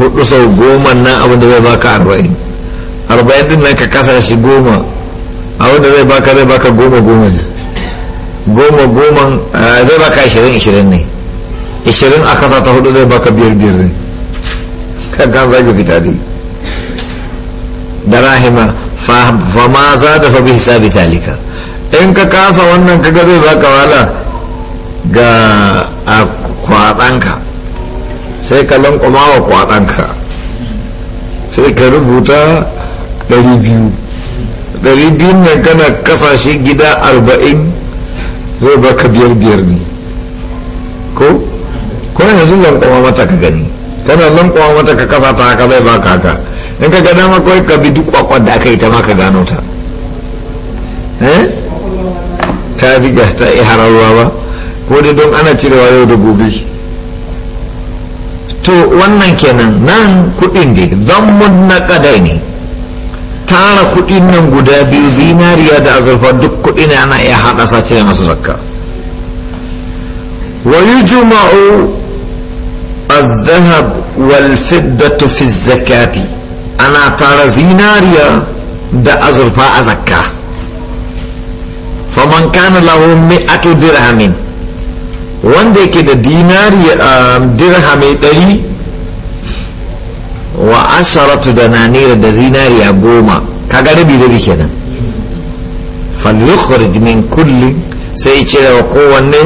hudu sau goma na abin da zai baka arba'in arba'in din nan ka kasa shi goma a wanda zai baka zai baka goma goma ne goma goma zai baka ashirin ashirin ne ashirin a kasa ta hudu zai baka biyar biyar ne kankan zagi fita dai da rahima fa ma za ta fa bi hisabi talika in ka kasa wannan kaga zai baka wala ga a kwaɗanka sai ka lankwama wa kwaɗanka sai ka rubuta ɗari biyu ɗari kana kasashe gida arba'in zai baka biyar biyar ne ko ne yanzu lankwama mata ka gani kana lankwama mata ka kasa ta haka zai baka haka in ka gada ma kawai ka bi duk kwakwar da aka yi ta maka gano ta eh? ta riga ta yi hararwa ba ko dai don ana cirewa yau da gobe to wannan kenan nan kudin da don mun na kadai ne tara kuɗi nan guda biyu zinariya da azurfa duk kuɗi ne ana iya haɗa sa cire masu zakka wa yujma'u a zahab wal fiddatu fi zakati ana tara zinariya da azurfa a zakka faman kana lahu mi'atu dirhamin wanda yake da dinariya ah, dirhami 100 wa asharatu da naira da zinariya goma kaga rabi rabi kenan falyukhrij min kulli sai cire wa kowanne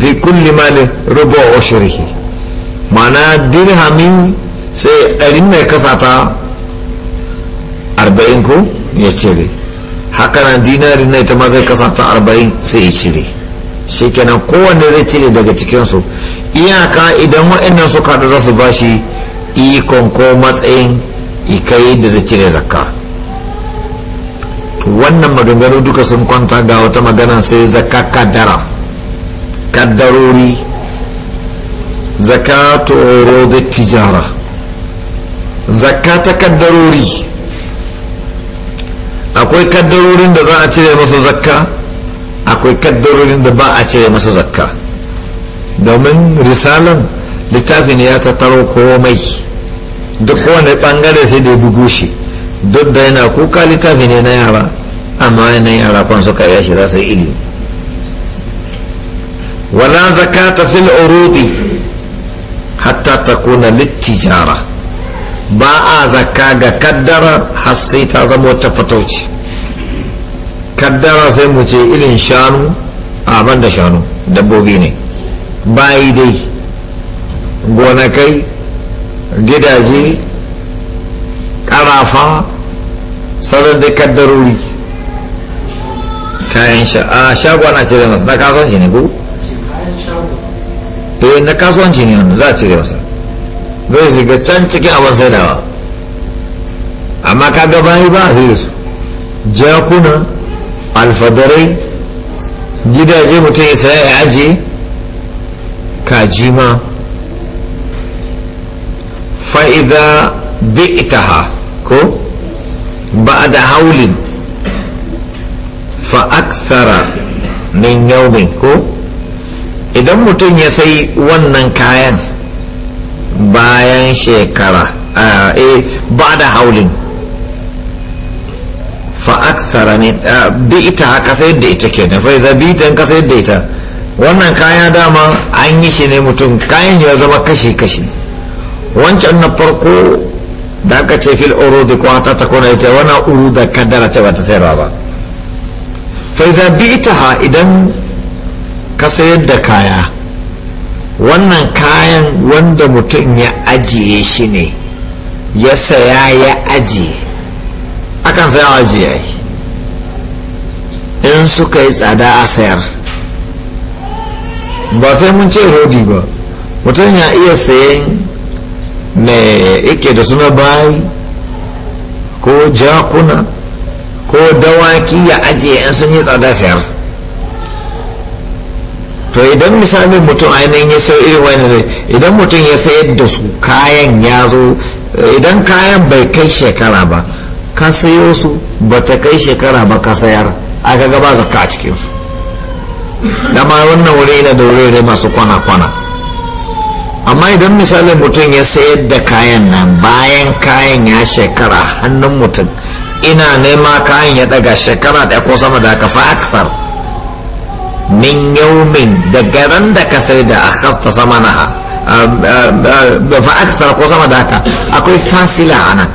fi kulli malin rubu ushrihi mana dirhamin sai ɗarin mai kasata arba'in ko ya cire haka na dinari na ita ma zai kasata arba'in sai ya cire shi kenan kowanne zai cire daga cikinsu iyaka idan waɗannan suka da su bashi ikon ko matsayin ikai da zai cire zakka wannan maganganu duka sun kwanta ga wata magana sai zakka kaddara kaddarori zakatu da tijara zakka ta kaddarori akwai kaddarorin da za a cire masu zakka akwai kaddarorin da ba a cire masu zakka domin risalan littafin ya tattaro komai duk wani bangare sai da ya bugu shi duk da yana kuka littafi ne na yara amma yana yara kwan suka ya za su yi ilimi wala zakata fil urudi hatta ta takuna littijara ba a zaka ga kaddara har sai ta zama wata fatauci kaddara sai mu ce irin shanu abin da shanu dabbobi ne bayi dai gonakai gidaje karafa sauran da kaddarori kayan shago na cire masa na kasuwanci ne ko? eh na kasuwanci ne wanda za a cire masa zai shiga can cikin abin saidawa amma ka yi ba a sai su jakuna alfadarai gidaje mutum ya saya ya ajiye kaji ma fa'iza bi'taha ko ba'da haulin fa aksara min yaumin ko idan mutum ya sai wannan kayan bayan shekara a ba da haulin fa aksara ne bi ita haka sayar da ita kenan fa iza bi ita ka sayar da ita wannan kaya dama an yi shi ne mutum kayan ya zama kashe kashe. wancan na farko da aka ce fil urudi ta ta kona ita wana uru da kaddara ce ba ta sayarwa ba bi ita ha idan ka sayar da kaya wannan kayan wanda mutum ya ajiye shi ne ya saya ya ajiye akan saya ajiye in suka yi tsada a sayar ba sai mun ce rodi ba mutum ya iya sayan mai yake da suna bayi ko jakuna ko dawaki ya ajiye yan sun yi tsada sayar to idan misali mutum ainihin ya sayar irin wani ne idan mutum ya sayar da su kayan ya zo idan kayan bai kai shekara ba ka sayo su ba ta kai shekara ba ka sayar aka gaba zaka a cikinsu dama wannan wuri na da wuri masu kwana-kwana amma idan misalin mutum ya sayar da kayan nan bayan kayan ya shekara hannun mutum ina nema kayan ya daga shekara da ko sama da kafa akfar min yaumin da garan da ka sai da akasta sama na ah, ah, ah, fa akfar ko sama da haka akwai fasila a nan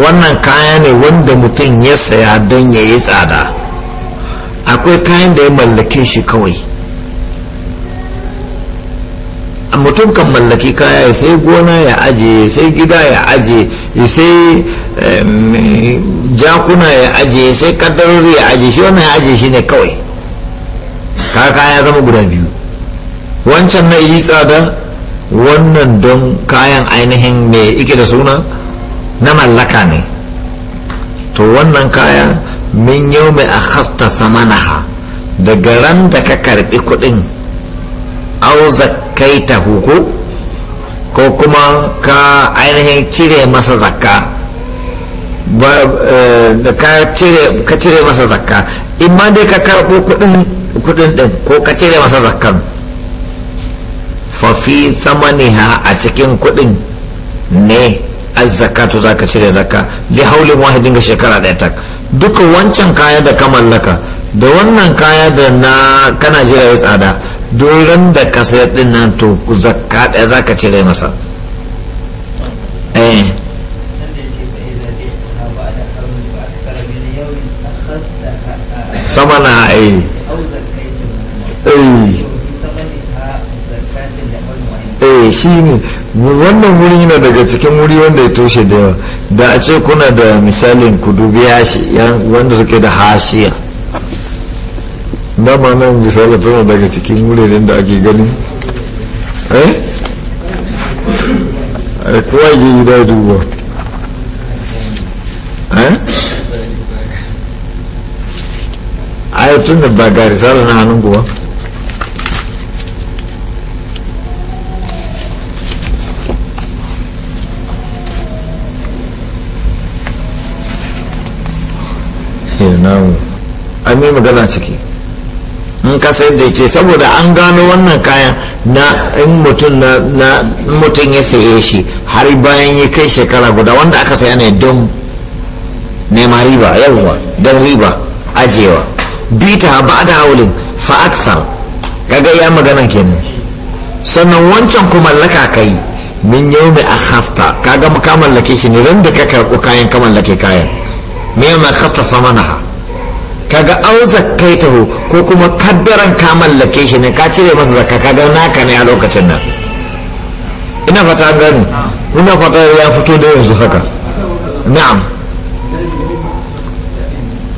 wannan kaya ne wanda mutum ya saya don ya yi tsada akwai kayan da ya mallake shi kawai mutum kan mallaki kaya sai gona ya aje sai gida ya aje sai jakuna ya aje sai kadarori ya aje shi wannan ya aje shi ne kawai kaka ya zama guda biyu wancan na yi tsada wannan don kayan ainihin mai ike da suna na mallaka ne to wannan kaya min yau mai a hasta samanaha daga ran da ka karbi kudin auzak kai ta huku ko kuma ka ainihin cire masa zakka ba eh, ka cire masa zakka in ma dai ka karɓo kudin din ko ka cire masa zakkan fafi thamaniha a cikin kudin ne azzakatu za ka cire zakka bi haulin wahidin ga shekara ɗaya tak duka wancan kayan da ka mallaka da wannan kaya da na kana jira ya tsada doron da ka sayar din nan to zakka ɗaya za ka cire masa eh. sama na ai eh. Eh. eh shi ne wannan wuri yana daga cikin wuri wanda ya toshe da yawa da a ce kuna da misalin kudu biya shi wanda suke da hashiya dama nan misali tana daga cikin wuraren da ake gani eh ai yi da gida duba eh ai tun da ba ga risala na hannun kuwa namu an yi magana ciki in ka sayar da ce saboda an gano wannan kayan na in mutum na mutum ya saye shi har bayan ya kai shekara guda wanda aka saya ne don nema riba yawwa don riba ajewa bita ba da haulin fa aksar kaga ya maganan kenan sannan wancan ku mallaka kai min yau mai akhasta kaga ka mallake shi ne ran da ka karɓo kayan ka mallake kayan me ma akhasta samanaha kaga ta zakkaitahu ko kuma kaddaran ka mallake shi ne ka cire masa zakka kaga naka ne a lokacin nan ina fata gani ina fata ya fito da yanzu haka na'am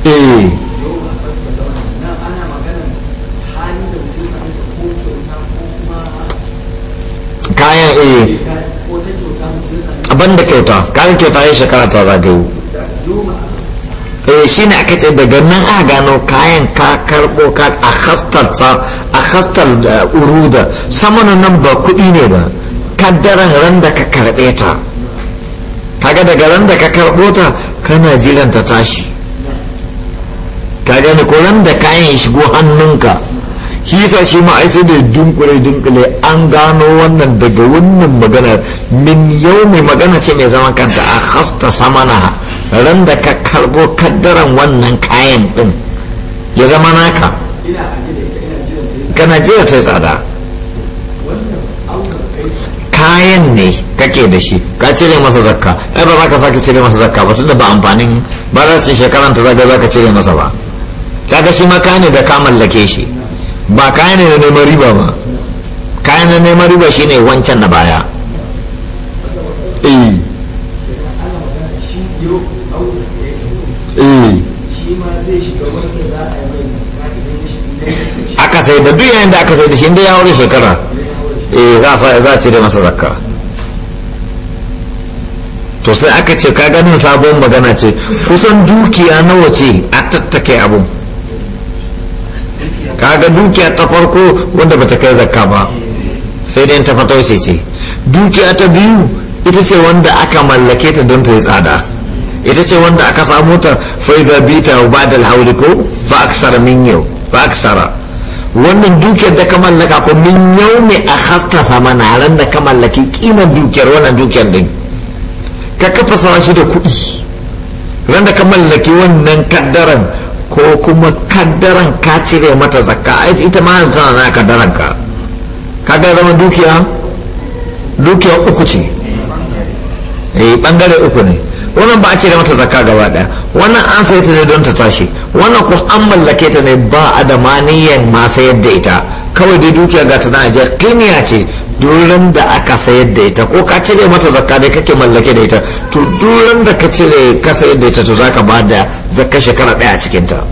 eh kayan eh abin da kyauta kayan kyauta ya shekara ta zagayu eh shi ne aka ce daga nan a gano kayan ka karbo ka a hastarsa a hastar da eh, uruda samanin nan ba kuɗi ne ba kaddaran ran da ka karbe ta kaga daga ran da ka karbo ta kana jiran ta tashi ka gani ko ran da kayan shigo hannunka hisa shi ma ai sai da dunkule dunkule an gano wannan daga wannan magana min yau mai magana ce mai zaman kanta a hasta samanaha ran da ka karbo kaddaran wannan kayan din ya zama naka kana jira ta tsada kayan ne kake da shi ka cire masa zakka ai ba za ka sake cire masa zakka ba tunda ba amfanin ba za ce shekaran ta zaga za ka cire masa ba kaga shi ma kayan ne da ka mallake shi ba kayan ne na neman riba ba kayan na neman riba shine wancan na baya eh duk yayin da aka sai da shi inda ya aure shekara eh za a cire masa zakka to sai aka ce ka ganin sabon magana ce kusan dukiya nawa ce a tattake abun ga dukiya ta farko wanda bata kai zakka ba sai dai ta fatauce ce dukiya ta biyu ita ce wanda aka mallake ta don ta yi tsada ita ce wanda aka samu ta faiza bita ba da hauli ko fa aksara min yau fa aksara wannan dukiyar da ka mallaka ko min yau ne a hasta samana ran da ka mallaki kiman dukiyar wannan dukiyar din ka kafa sama shi da kuɗi ran da ka mallaki wannan kaddaran ko kuma kaddaran ka cire mata zakka ita ma tana na kaddaran ka kaga zama dukiya dukiya uku ce eh bangare uku ne wannan ba a cire mata zakka gaba daya wannan an sai ta don ta tashi wannan kuma an mallake ta ne ba a da maniyan ma sayar da ita kawai dai dukiya ga ta na ajiya kiniya ce duran da aka sayar da ita ko ka cire mata zakka dai kake mallake da ita to duran da ka cire ka sayar da ita to zaka ba da zakka shekara daya a cikin ta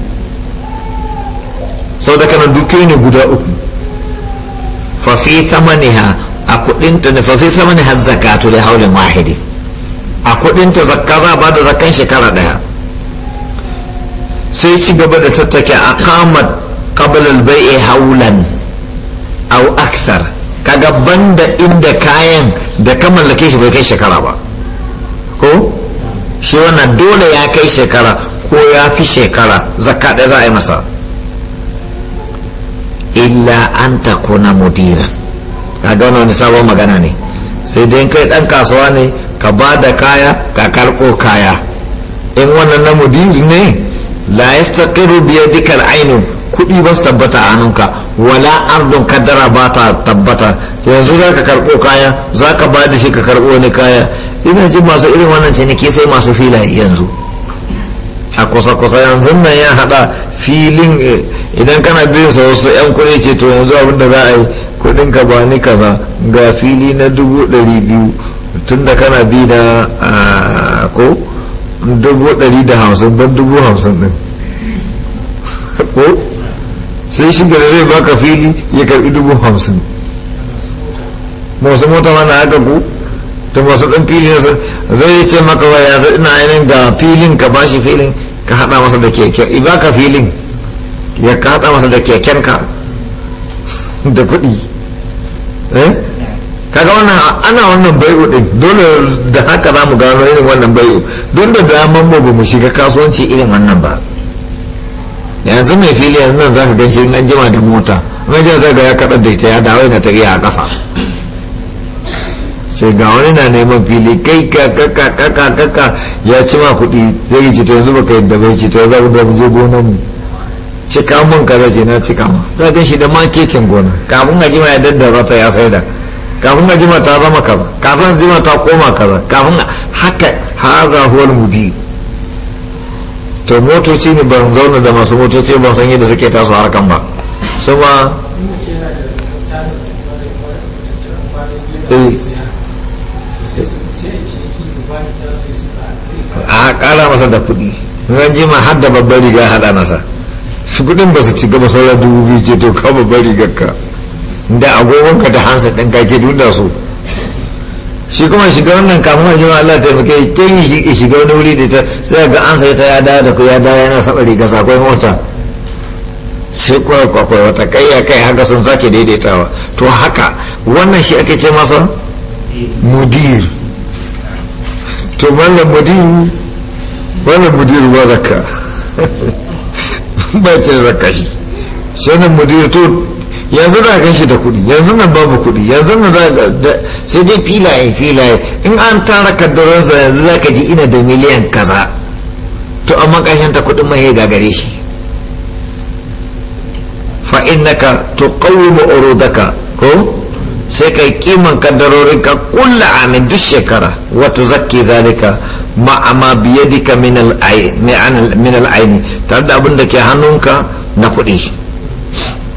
sau da kana dukiya ne guda uku fafi samaniha a ta ne fafi samaniha zakatu da haulin wahidi a kudin ta zakka za ba da zakkan shekara daya sai ci gaba da tattake a kamar bai a haulan au aksar kaga banda inda kayan da ka mallake shi bai kai shekara ba ko shi dole ya kai shekara ko ya fi shekara zakka ɗaya za a yi masa illa an ta kona mudira kaga wani sabon magana ne sai dai kai dan kasuwa ne ka ba da kaya ka karɓo kaya in wannan na mudiri ne la yastaqiru bi yadika al-ainu kuɗi ba su tabbata a hannunka wala ardun kaddara ba ta tabbata yanzu za ka karɓo kaya za ka ba da shi ka karɓo wani kaya ina ji masu irin wannan ciniki sai masu filaye yanzu a kusa-kusa yanzu nan ya haɗa filin eh, idan kana biyan sa wasu 'yan kuɗi ce to yanzu abin da za a yi kuɗin ka ba ni kaza ga fili na dubu ɗari biyu tun da kana bi da ko dubu ɗari da hamsin don dubu hamsin ɗin ko sai shigar zai baka fili ya karbi dubu hamsin masu mota mana haka ku ta masu ɗan fili zai ce maka waya zai ina ainihin ga filin ka bashi filin ka haɗa masa da keken i baka filin ya ka haɗa masa da keken ka da kuɗi eh kaga wannan ana wannan bai'u din dole da haka za mu gano irin wannan bai'u don da daman mu ba mu shiga kasuwanci irin wannan ba yanzu mai fili yanzu nan za ka gan shi in jima da mota mai jiya ga ya kaɗar da ita ya dawo na iya a ƙasa sai ga wani na neman fili kai ka kaka kaka kaka ya ci ma kuɗi zai yi cito yanzu baka yadda bai cito ya ku ku je gonan mu cika mun kaza ce na cika ma za gan shi da ma keken gona kafin a jima ya daddara ta ya saida kafin a jima ta zama kaza kafin a jima ta koma kaza kafin haka haza huwal mudi to motoci ne ban zauna da masu motoci ban san yadda suke taso harkan ba su ma eh. a kara masa da kudi ran jima har da babbar riga hada nasa su kudin ba su ci gaba sauran dubu biyu ce to ka babbar rigar ka da agogonka da hansa ɗan ka ce duk su shi kuma shiga wannan shi ma Allah taimake ta yi shiga wani wuri da ta sai ga an sai ta ya dawo da ku ya da yana saba riga sakon mota sai kuwa kwakwai wata kai ya kai haka sun sake daidaitawa to haka wannan shi ake ce masa mudir to wannan mudir wannan mudir ba zakka ba ce zakka shi shi wannan mudir to yanzu za ka shi da kuɗi yanzu na babu kuɗi yanzu na za sai dai filaye filaye in an tara kaddaransa yanzu za ka ji ina da miliyan kaza to amma ƙarshen ta kuɗin mai gagare shi fa innaka tuqawwimu urudaka ko sai kai kiman kaddarorin ka kulla amin duk shekara wato tuzakki zalika ma amma biyadika min al min al-ayn tare da abin da ke hannunka na kuɗi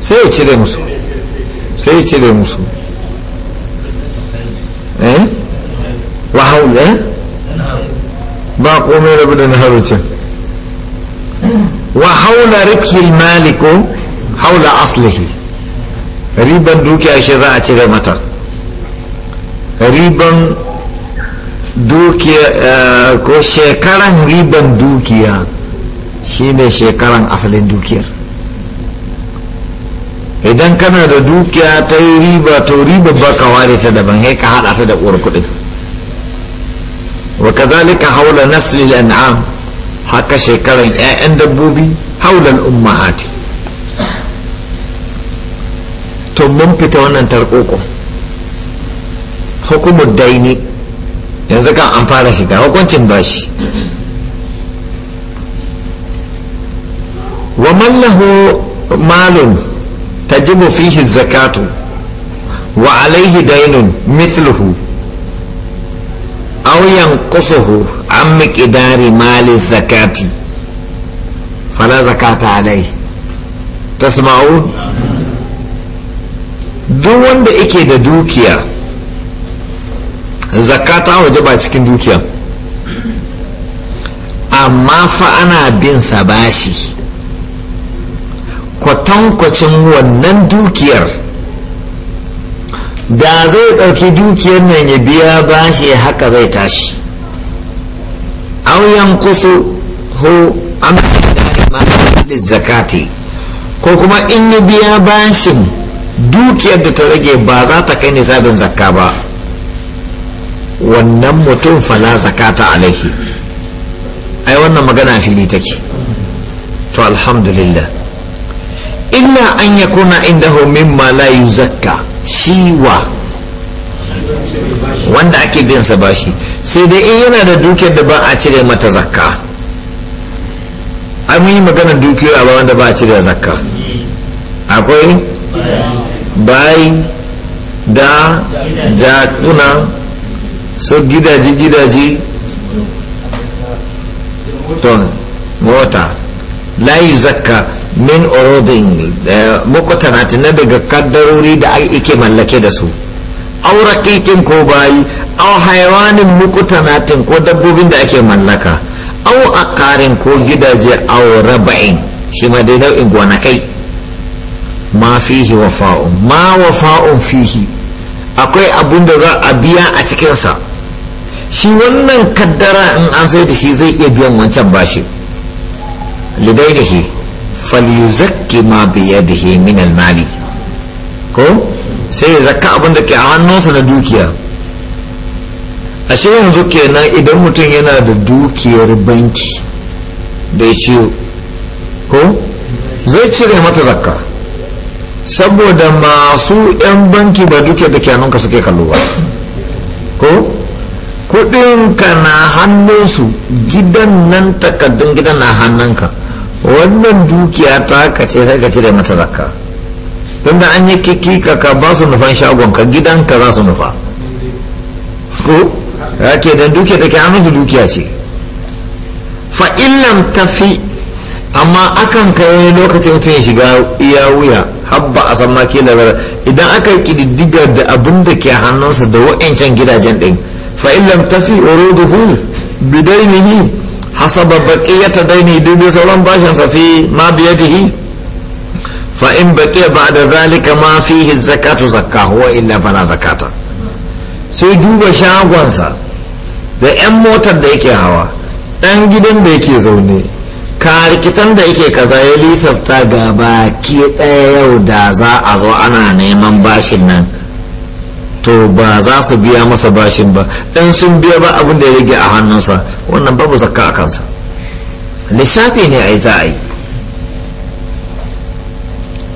sai ya cire musu sai ya cire musu eh wahau eh ba komai rabu da naharucin wa haula ribhil maliku haula aslihi riban dukiya shi za a cire mata riban dukiya ko shekaran riban dukiya shine shekaran asalin dukiyar idan kana da dukiya ta yi riba to riba ba ka ware ta daban sai ka hada ta da uwar kuɗi wa kazalika haula nasri al'am haka shekaran 'ya'yan dabbobi haula al'ummahati to mun fita wannan tarkoko hukumar daini yanzu kan an fara shiga hukuncin bashi wa mallahu malun tajibu fihi zakatu wa alaihi dainun mithluhu aw yanqusuhu an miqdari mali zakati fala zakata alaihi tasma'un duk wanda yake da dukiya zakata waje ba cikin dukiya amma fa ana bin sa bashi kwatankwacin wannan dukiyar da zai ɗauki dukiyar nan ya biya bashi haka zai tashi auyan kusu ho zakati ko kuma in ya biya bashin dukiyar da ta rage ba za ta kai nisabin zakka ba wannan mutum fala zakata alaihi ai wannan magana fili take to alhamdulillah illa an ya yakuna indahu mimma la yuzakka shiwa wanda ake bin bashi sai dai in yana da dukiyar da ba a cire mata zakka an yi magana dukiyoyi ba wanda ba a cire zakka akwai bayi da jakuna so gidaje gidaje ton mota layu zakka min orodin da mukutanat na daga kaddarori da ake mallake da su auratikin ko bayi au haiwanin mukutanatin ko dabbobin da ake mallaka au akarin ko gidaje au raba'in shi ma dai nau'in gonakai ma fihi wafa'un ma wafa'un fihi akwai abun da za a biya a cikinsa shi wannan kaddara in an sai da shi zai iya biyan wancan bashi lidai da shi falyuzakki ma biyadihi min almali ko sai ya zakka abin da ke a hannunsa na dukiya ashe yanzu kenan idan mutum yana da dukiyar banki da ya ciwo ko zai cire mata zakka saboda masu 'yan banki ba dukiyar da ke hannunka suke kallo ba ko kudinka na hannunsu gidan nan takardun gidan na hannunka wannan dukiya ta kace sai ka cire mata zakka tunda an yi kiki ka ka ba su nufan shagon ka gidan ka za su nufa ko ya ke dan dukiya take an musu dukiya ce fa illam tafi amma akan kai wani lokacin mutum ya shiga iya wuya habba a san maki idan aka yi kididdiga da abin da ke hannunsa da wa'ancan gidajen din fa illam tafi uruduhu bidainihi hasaba ta daini duk da sauran bashin sa fi ma biyadihi fa in a da zalika ma fihi zakatu zakka huwa illa fala zakata sai duba shagonsa da yan motar da yake hawa ɗan gidan da yake zaune karikitan da yake kaza ya lisafta ga baki ɗaya yau da za a zo ana neman bashin nan to ba za su biya masa bashin ba in sun biya ba abin da ya rage a hannunsa wannan babu zakka a kansa lissafi ne a yi za a yi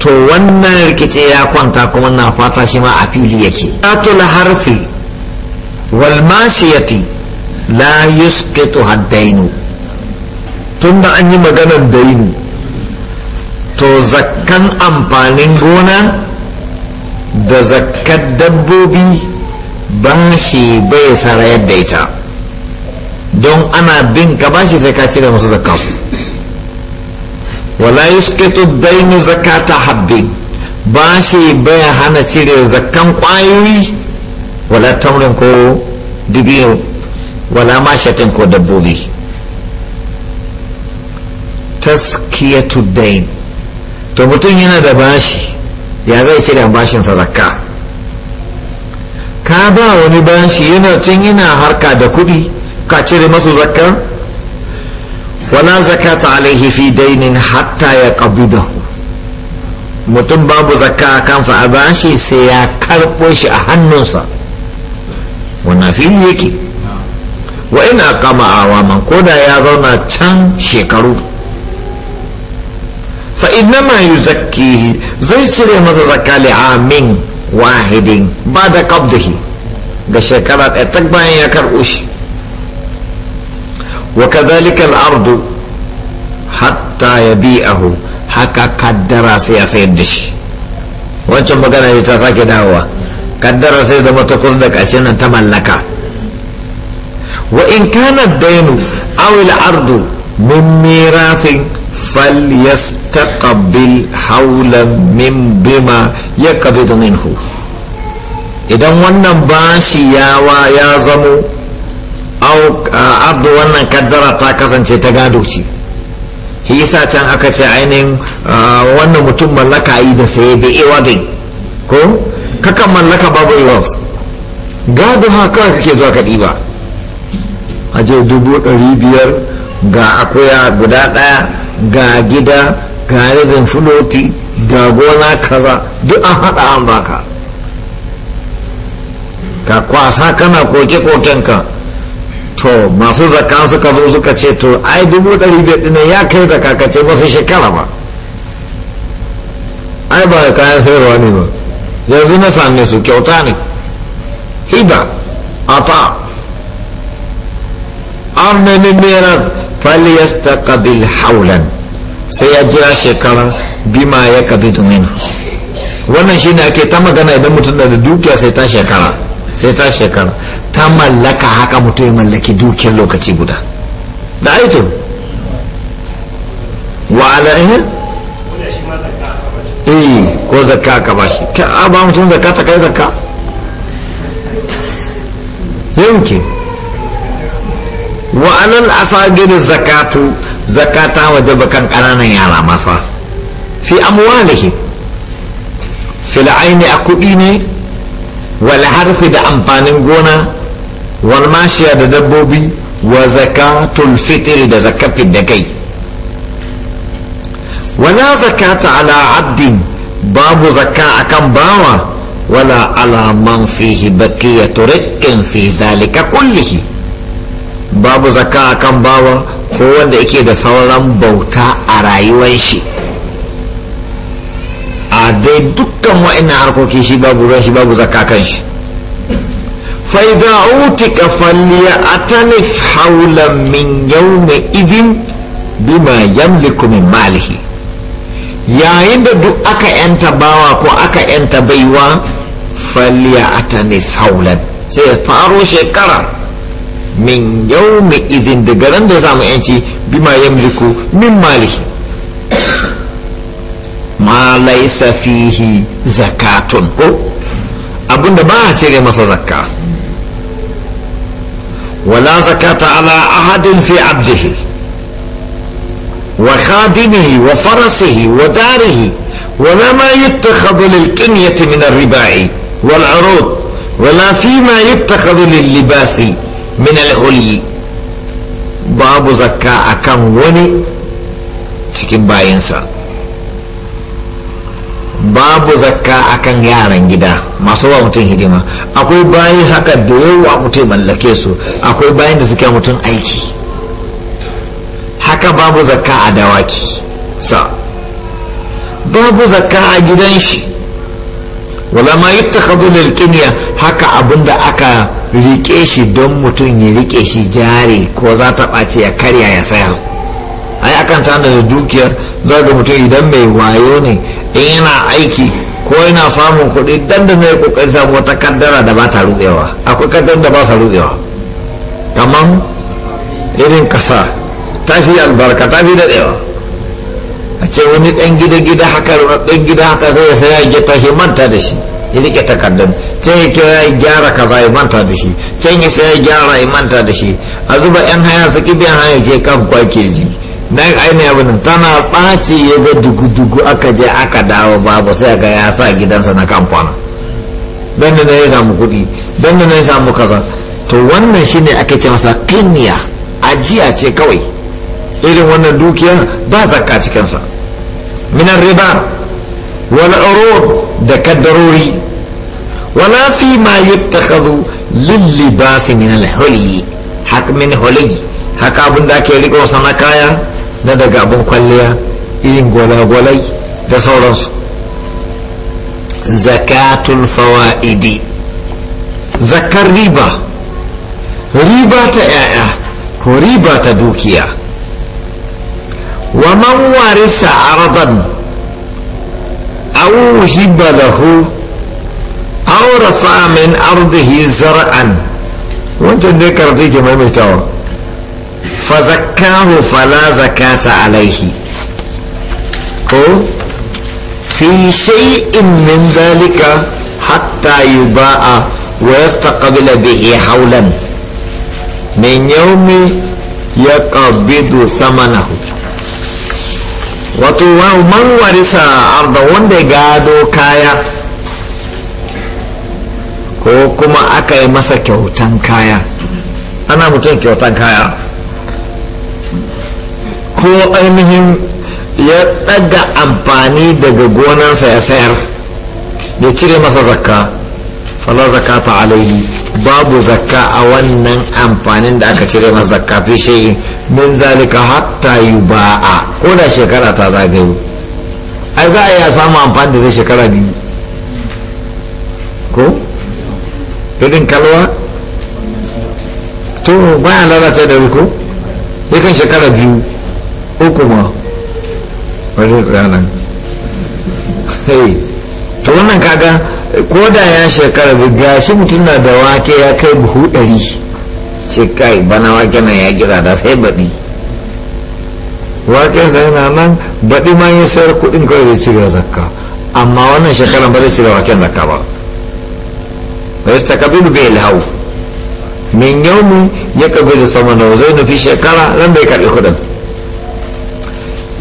to wannan rikice ya kwanta kuma na fata shi ma a fili yake atul harfi wal mashiyati la yusqitu haddainu tunda an yi maganar dainu to zakkan amfanin gona da zakar dabbobi bashi bai sarayar da ita don ana bin ka bashi sai ka cire musu zakar su wala yusketu dainu zakata habbi bashi bai hana cire zakan kwayoyi wala tamrin ko dubiyo wala mashatin ko dabbobi taskiyatu dain to mutum yana da bashi ya zai cire bashinsa zakka ka ba wani bashi yana cin yana harka da kuɗi ka cire masu zakka wala zakata alaihi fi dainin hatta ya qabida mutum babu zakka a kansa a bashi sai ya karɓo shi a hannunsa wannan fili yake wa ina kama awaman koda ya zauna can shekaru وإنما يزكيه زي سيري مزا زكا لعامين واحدين بعد قبضه بشكرا اتقبا يا كرؤوش وكذلك الأرض حتى يبيئه حكا قدر سياسي الدش وانتم مقانا يتساكي دعوة قدر سيد متقصدك أشينا تملكا وإن كان الدين أو الأرض من ميراث falyastaqbil haula min bima yaqbidu minhu idan wannan bashi yawa ya zamo abu wannan kaddara ta kasance ta gado ce hisa can aka ce ainihin wannan mutum mallaka yi da saye iwa dai ko kakan mallaka babu iwa gado haka kake zuwa ka ɗiba a je dubu ɗari biyar ga akuya guda ɗaya ga gida ga ribin fuloti ga gona kaza duk an haɗa an baka ka kwasa kana koke ka to masu zaka suka zo suka ce to ai dubu ɗari biyar ɗin ya kai zaka ka ce ba su shekara ba ai ba kayan sayarwa ne ba yanzu na same su kyauta ne hiba ata an nemi mera falyastaqbil haulan sai ya jira shekara bima ya kabidu min wannan shine ake ta magana idan mutum da dukiya sai ta shekara sai ta shekara ta mallaka haka mutum ya mallaki dukiyar lokaci guda da aito wa ala eh ko zakka ka ba shi ka ba mutum zakka ta kai zakka yankin وعلى الأساجين الزكاة زكاة وجبكا كان قرانا يعلى ما فا في امواله في العين أكوبيني والحرث بأمبان قونا والماشية دبوبي وزكاة الفطر زكاة الدكي ولا زكاة على عبد باب زكاة كم باوة ولا على من فيه بكية رك في ذلك كله babu zakka akan bawa ko wanda yake da sauran bauta a rayuwar shi a dai dukkan wa'ina harkoki shi babu ruwan shi babu zakka kan shi فإذا أوتك فليعتنف حولا من يومئذ بما yamli kuma malihi. yayin da duk aka yanta bawa ko aka yanta baiwa faliya a tanis haulan. sai ya faro shekara من يوم إذن دقران دزام أنتي بما يملك من ماله ما ليس فيه زكاة أبن ما تيري مسا زكاة ولا زكاة على أحد في عبده وخادمه وفرسه وداره ولا ما يتخذ للكنية من الرباع والعروض ولا فيما يتخذ لللباس min alhulli babu zakka akan wani cikin bayansa babu zakka akan yaran gida masu wa mutum hidima akwai bayan haka da yawa mutum mallake su akwai bayan da suke mutum aiki haka babu zakka a dawaki sa babu zakka a gidan shi wala ma yuttakhadhu lil kimya haka abinda aka rike shi don mutum ya rike shi jari ko za ta ɓace ya karya ya sayar ai akan tana da dukiyar za ga mutum idan mai wayo ne in yana aiki ko yana samun kuɗi dan da mai kokarin samu wata kaddara da ba ta rubewa akwai kaddara da ba sa rubewa kamar irin kasa tafi albarka tafi daɗewa a ce wani dan gida gida haka dan gida haka sai ya sai ya tashi manta da shi ya rike takardun can ya kira ya gyara kaza ya manta da shi sai ya ya gyara ya manta da shi a zuba yan haya su kibi yan haya ke kan kwake ji na aini abin tana ɓaci ya ga dugu-dugu aka je aka dawo babu sai ga ya sa gidansa na kan kwana don da na ya samu kuɗi don da na ya samu kaza to wannan shine ake ce masa kiniya ajiya ce kawai irin wannan dukiya ba zakka cikinsa من الربا والعروض دكدروري ولا فيما يتخذ للباس من الحلي حق من حلي حق abun da ake riko sana kaya na daga abun kwalliya irin gwalagwalai da sauransu zakatul fawaidi zakar riba riba ta 'ya'ya ko riba ta dukiya ومن ورث عرضا أو هب له أو رفع من أرضه زرعا وانت عندك رضيك ما ميتوا فزكاه فلا زكاة عليه هو في شيء من ذلك حتى يباع ويستقبل به حولا من يوم يقبض ثمنه wato man warisa arda wanda ya gado kaya ko kuma aka yi masa kyautan kaya ana mutum kyautan kaya ko ainihin ya daga amfani daga gonansa ya sayar ya cire masa zakka fala ta alaihi babu zakka a wannan amfanin da aka cire masa zakka fi shayi min zalika hatta ba'a ko da shekara ta zagayo ai za a iya samu amfani da zai shekara biyu ko irin kalwa to bayan lalace da riko yakan shekara biyu uku ma wani tsanan to wannan kaga ko da ya shekara biyu gashi mutum na da wake ya kai buhu ɗari ce kai bana wake nan ya gira da sai baɗi waken sa na nan baɗi ma ya sayar kuɗin kawai zai cire zakka amma wannan shekaran ba zai cire waken zakka ba ta kabiru bai haw min yau ya da sama na zai nufi shekara ran da ya karɓi kuɗin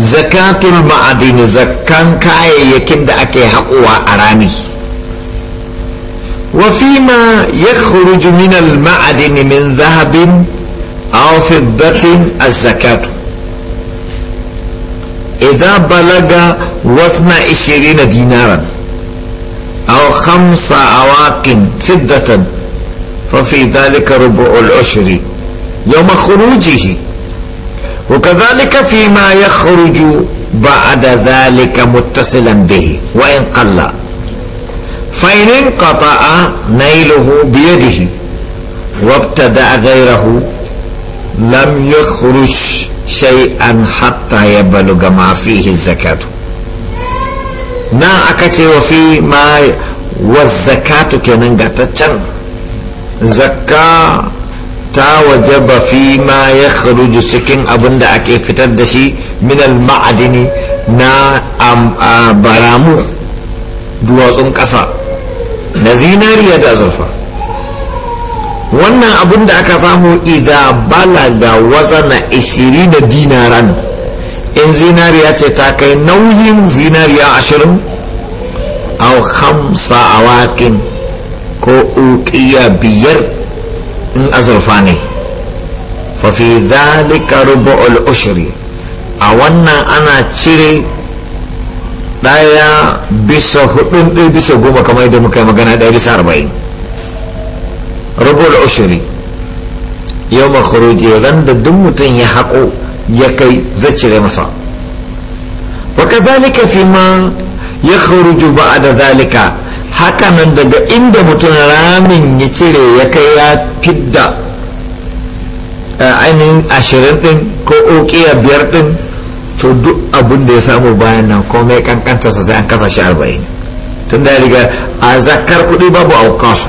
Zakatun ma'adini zakkan kayayyakin da ake haƙowa a rami وفيما يخرج من المعدن من ذهب أو فضة الزكاة إذا بلغ وزن عشرين دينارا أو خمس أواق فضة ففي ذلك ربع العشر يوم خروجه وكذلك فيما يخرج بعد ذلك متصلا به وإن قل فإن انقطع نيله بيده وابتدع غيره لم يخرج شيئا حتى يبلغ ما فيه الزكاة na aka ce wa fi ma zakatu kenan gataccen zakka ta ba fi ma ya kharuju cikin abin da ake fitar da shi minal ma'adini na baramu duwatsun ƙasa na zinariya da azurfa wannan abin da aka samu bala idza balaga wazana 20 dinaran in zinariya ce ta kai nauyin zinariya ashirin au hamsa awakin ko ukiya biyar in azurfa ne fafi zalika rubu al'ushiri a wannan ana cire daya bisa hudun ɗaya eh, bisa goma kamar yadda muka yi magana ɗaya bisa arba'in rubul ushuri yau makharuji ran randa duk mutum ya haƙo ya kai zacire masa masa zalika fi ma ya kharuju ba a da zalika haka nan daga inda mutum ramin ya cire ya kai ya fidda eh, ainihin ashirin ɗin ko ƙoƙiya biyar ɗin to duk abin da ya samu bayan nan komai kankanta sa sai an kasa shi arba'in tun da ya riga a zakar kuɗi babu aukasu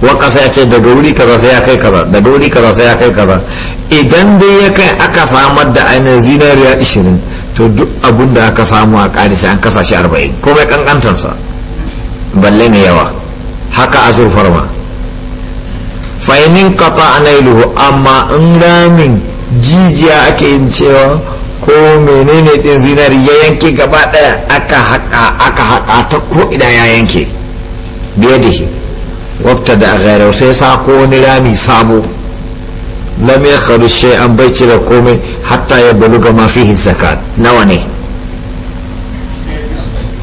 waka sai ya ce daga wuri kaza sai ya kai kaza daga wuri kaza sai ya kai kaza idan dai ya kai aka samar da ainihin zinariya ishirin to duk abin da aka samu a ƙari sai an kasa shi arba'in komai kankantarsa balle mai yawa haka azurfar ma fainin kata a nailu amma in ramin jijiya ake yin cewa ko menene din zinari ya yanke gaba daya aka haƙa aka haka ta ko ina ya yanke biyadihi wabta da ghairau sai sa ko wani rami sabo lam yakhruj an bai cire komai hatta ya buluga ga fihi zakat nawa ne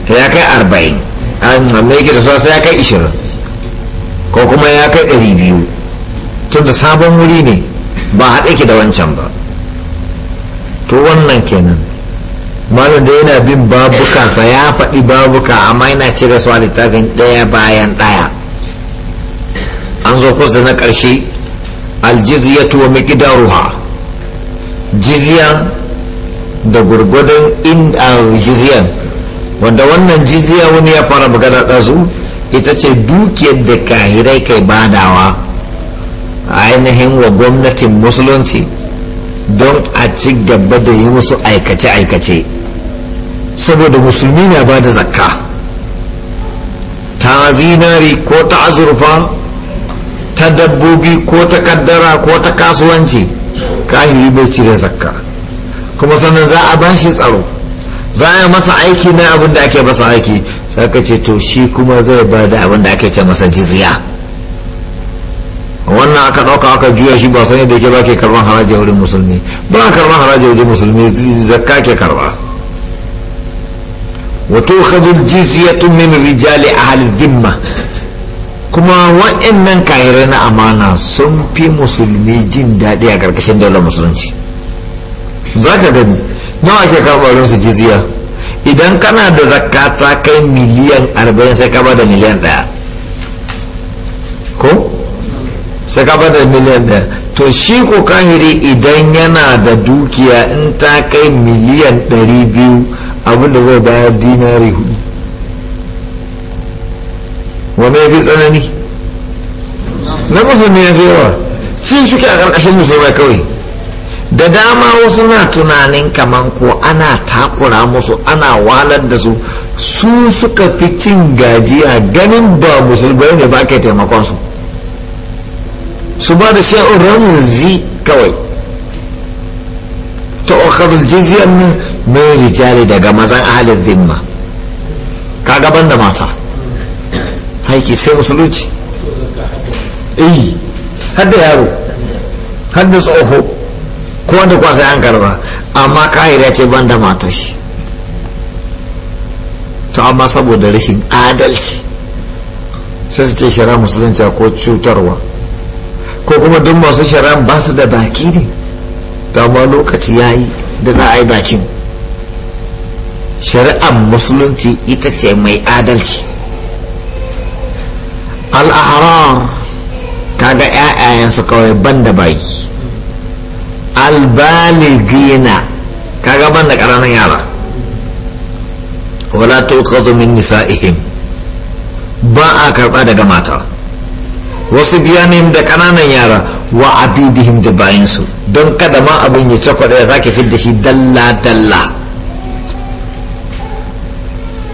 ya kai arba'in an amma yake da sai ya kai ishirin ko kuma ya kai ɗari biyu tunda sabon wuri ne ba haɗe ki da wancan ba to wannan kenan malam da yana bin babuka sa ya faɗi babuka amma yana ce da a littafin ɗaya bayan ɗaya an zo kusa na ƙarshe aljiziyatu wa ruwa jiziyan da gurgudun inda jiziyan wanda wannan jiziya wani ya fara magana ɗazu ita ce dukiyar da kahirai kai badawa a ainihin wa gwamnatin musulunci don a ci gaba da yi musu aikace-aikace saboda musulmi na ba da zakka ta zinari ko ta azurfa ta dabbobi ko ta kaddara ko ta kasuwanci kahiri bai cire zakka kuma sannan za a bashi tsaro za a masa aiki na abin da ake masa aiki ka ce to shi kuma zai ba da abin da ake ce masa jiziya. wannan aka ɗauka aka juya shi ba san yadda yake ba ke karban haraji wurin musulmi ba karban haraji wurin musulmi zakka ke karba wato khadul jizyatu min rijali ahli dhimma kuma wa'annan kahirai na amana sun fi musulmi jin daɗi a ƙarƙashin daular musulunci za ka gani nawa ake wurin su jizya idan kana da zakka ta kai miliyan arba'in sai ka ba da miliyan ɗaya ko sai ka bada miliyan ɗaya to shi ko kahiri idan yana da dukiya in ta kai miliyan ɗari biyu abinda zai bayar dinari hudu wane ya fi tsanani na musulmi ya fi yawa sun suke a ƙarƙashin musulmai kawai da dama wasu na tunanin kaman ko ana takura musu ana walar da su su suka fi cin gajiya ganin ba musulmai ne ba ke taimakon su su ba da sha'un ramzi kawai ta okazul jiziyar min mai rijali daga mazan ahalin zimma ka gaban da mata haiki sai musulunci iyi eh, hada yaro hada tsoho ko wanda kwasa an karba amma kahira ce ban da mata shi to amma saboda rashin adalci sai su ce shara musulunci ko cutarwa ko kuma duk masu shari'an ba su da baki ne dama lokaci ya yi da za a yi bakin shari'ar musulunci ita ce mai adalci al'ahrar kaga 'ya'yayensu kawai ban da bayi albaligina kaga ban da ƙananan yara wala tuqadu min nisa'ihim ba a karɓa daga mata wasu ne da kananan yara wa abidihim da bayansu don kada ma abin ya cakwada ya sake fidda shi dalla-dalla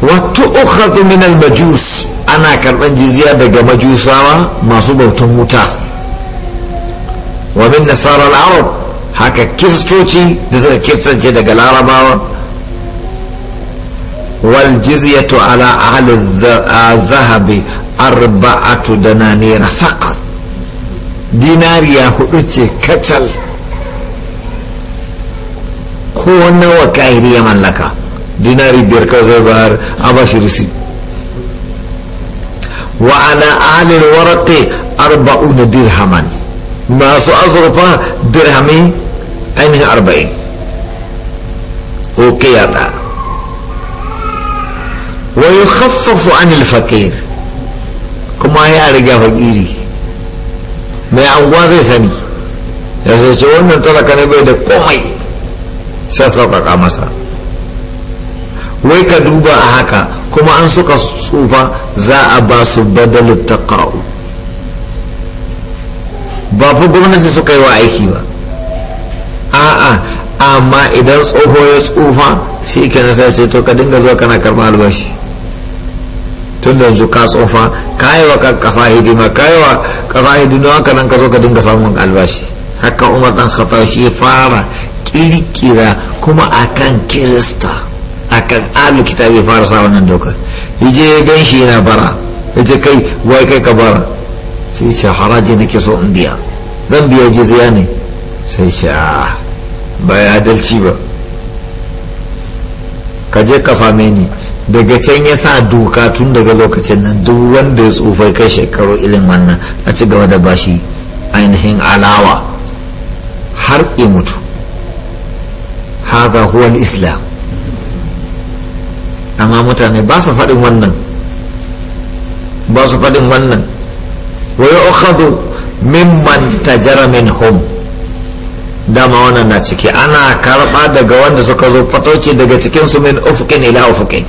wato ukhadu min majus ana karban jizya daga majusawa masu bautan wuta wa min nasara al-arab haka kiristoci da suka kirtsance daga larabawa wal jizyatu ala ahli zahabi arba'atu dananira faqat dinariya hudu ce kacal ko nawa kahiri ya mallaka dinari biyar kawai zai bayar a bashi risi wa ala alil waraqi arba'una dirhaman masu azurfa dirhami ainihin arba'in ok yada wa yukhaffafu anil fakir kuma ya riga fakiri mai anguwa zai sani ya zai ce wannan talaka na bai da komai sai sauƙaƙa masa wai ka duba a haka kuma an suka tsufa za a ba su ta taƙa'u ba fi gwamnati suka yi wa aiki ba a'a amma idan tsoho ya tsufa shi ke sai ce to ka dinga zuwa kana karɓar albashi tun da yanzu ka tsofa ka yi wa kasa hidima ka yi wa kasa hidima ka nan ka zo ka dinga samun albashi haka umar dan khattab shi fara kirkira kuma akan kirista akan alu kitabi fara sa wannan doka yaje ya gan shi yana bara yaje kai wai kai ka bara sai shi haraji nake so in biya zan biya jizya ne sai shi ah, ba ya adalci ba ka je ka same ni daga can ya sa doka tun daga lokacin nan duk wanda ya tsufa kai shekaru ilin wannan a ci gaba da bashi ainihin alawa har ya mutu haza huwa islam amma mutane ba su faɗin wannan ba su faɗin wannan wai ukhadhu mimman tajara hum dama wannan na ciki ana karɓa daga wanda suka zo fatoci daga cikinsu min ufukin ila ufukin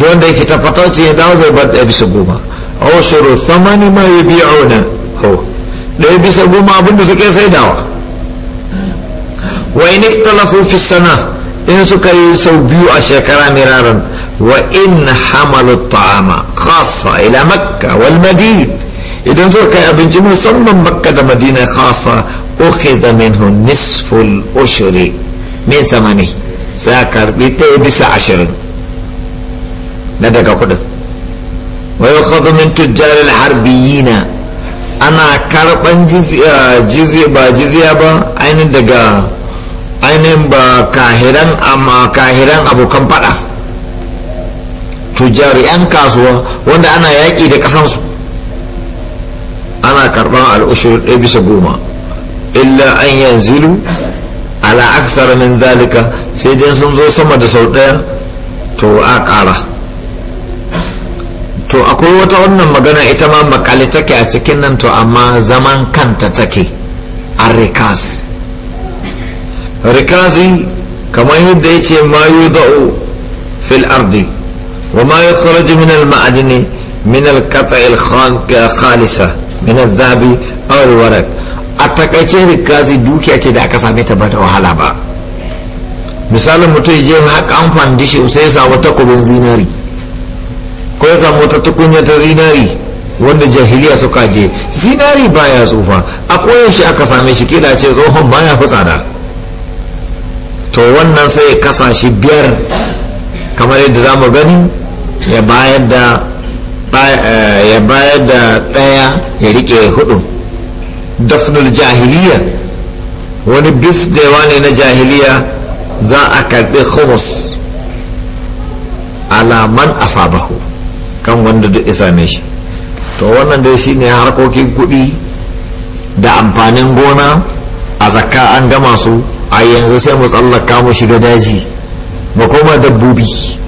duk wanda yake ta fatauci ya dawo zai bar ɗaya bisa goma au shuru thamani ma yabi'una ho ɗaya bisa goma abinda suke saidawa wa in ikhtalafu fi sana in suka yi sau biyu a shekara miraran wa in hamalu ta'ama khassa ila makka wal madin idan suka kai abinci musamman makka da madina khassa ukhidha minhu nisful ushri min thamani sai a karbi ɗaya bisa ashirin na daga kudin wayo min tujjarin na ana karban jizya ba jizya ba ainihin daga ainihin ba kahiran amma kahiran abokan fada tujjari 'yan kasuwa wanda ana yaƙi da ƙasansu ana karban al'ushir ɗaya bisa goma illa an yanzilu ala aksara min zalika sai dai sun zo sama da sau ɗaya to a ƙara to akwai wata wannan magana ita ma makale take a cikin nan to amma zaman kanta take a rikas rikasi kamar yadda ya ce ma yi da'u fil ardi wa ma yi kharaju min al ma'adini min al qata'il khalisa min al zabi aw al a takaice rikasi dukiya ce da aka same ta ba da wahala ba misalin mutum ya je an fandishin sai ya samu takobin zinari ko ya samu wata tukunya ta zinari wanda jahiliya suka je zinari baya tsufa a shi aka same shi kila ce tsohon baya fi tsada to wannan sai ya kasa shi biyar kamar yadda za mu gani ya bayar da eh, ya ɗaya ya rike hudu dafnul jahiliya wani bis da yawa ne na jahiliya za a karɓi khumus alaman asabahu kan wanda duk isa ne shi to wannan dai shi ne harkokin kuɗi da amfanin gona a zakka an gama su a yanzu sai mu tsallaka mu shiga daji mu koma dabbobi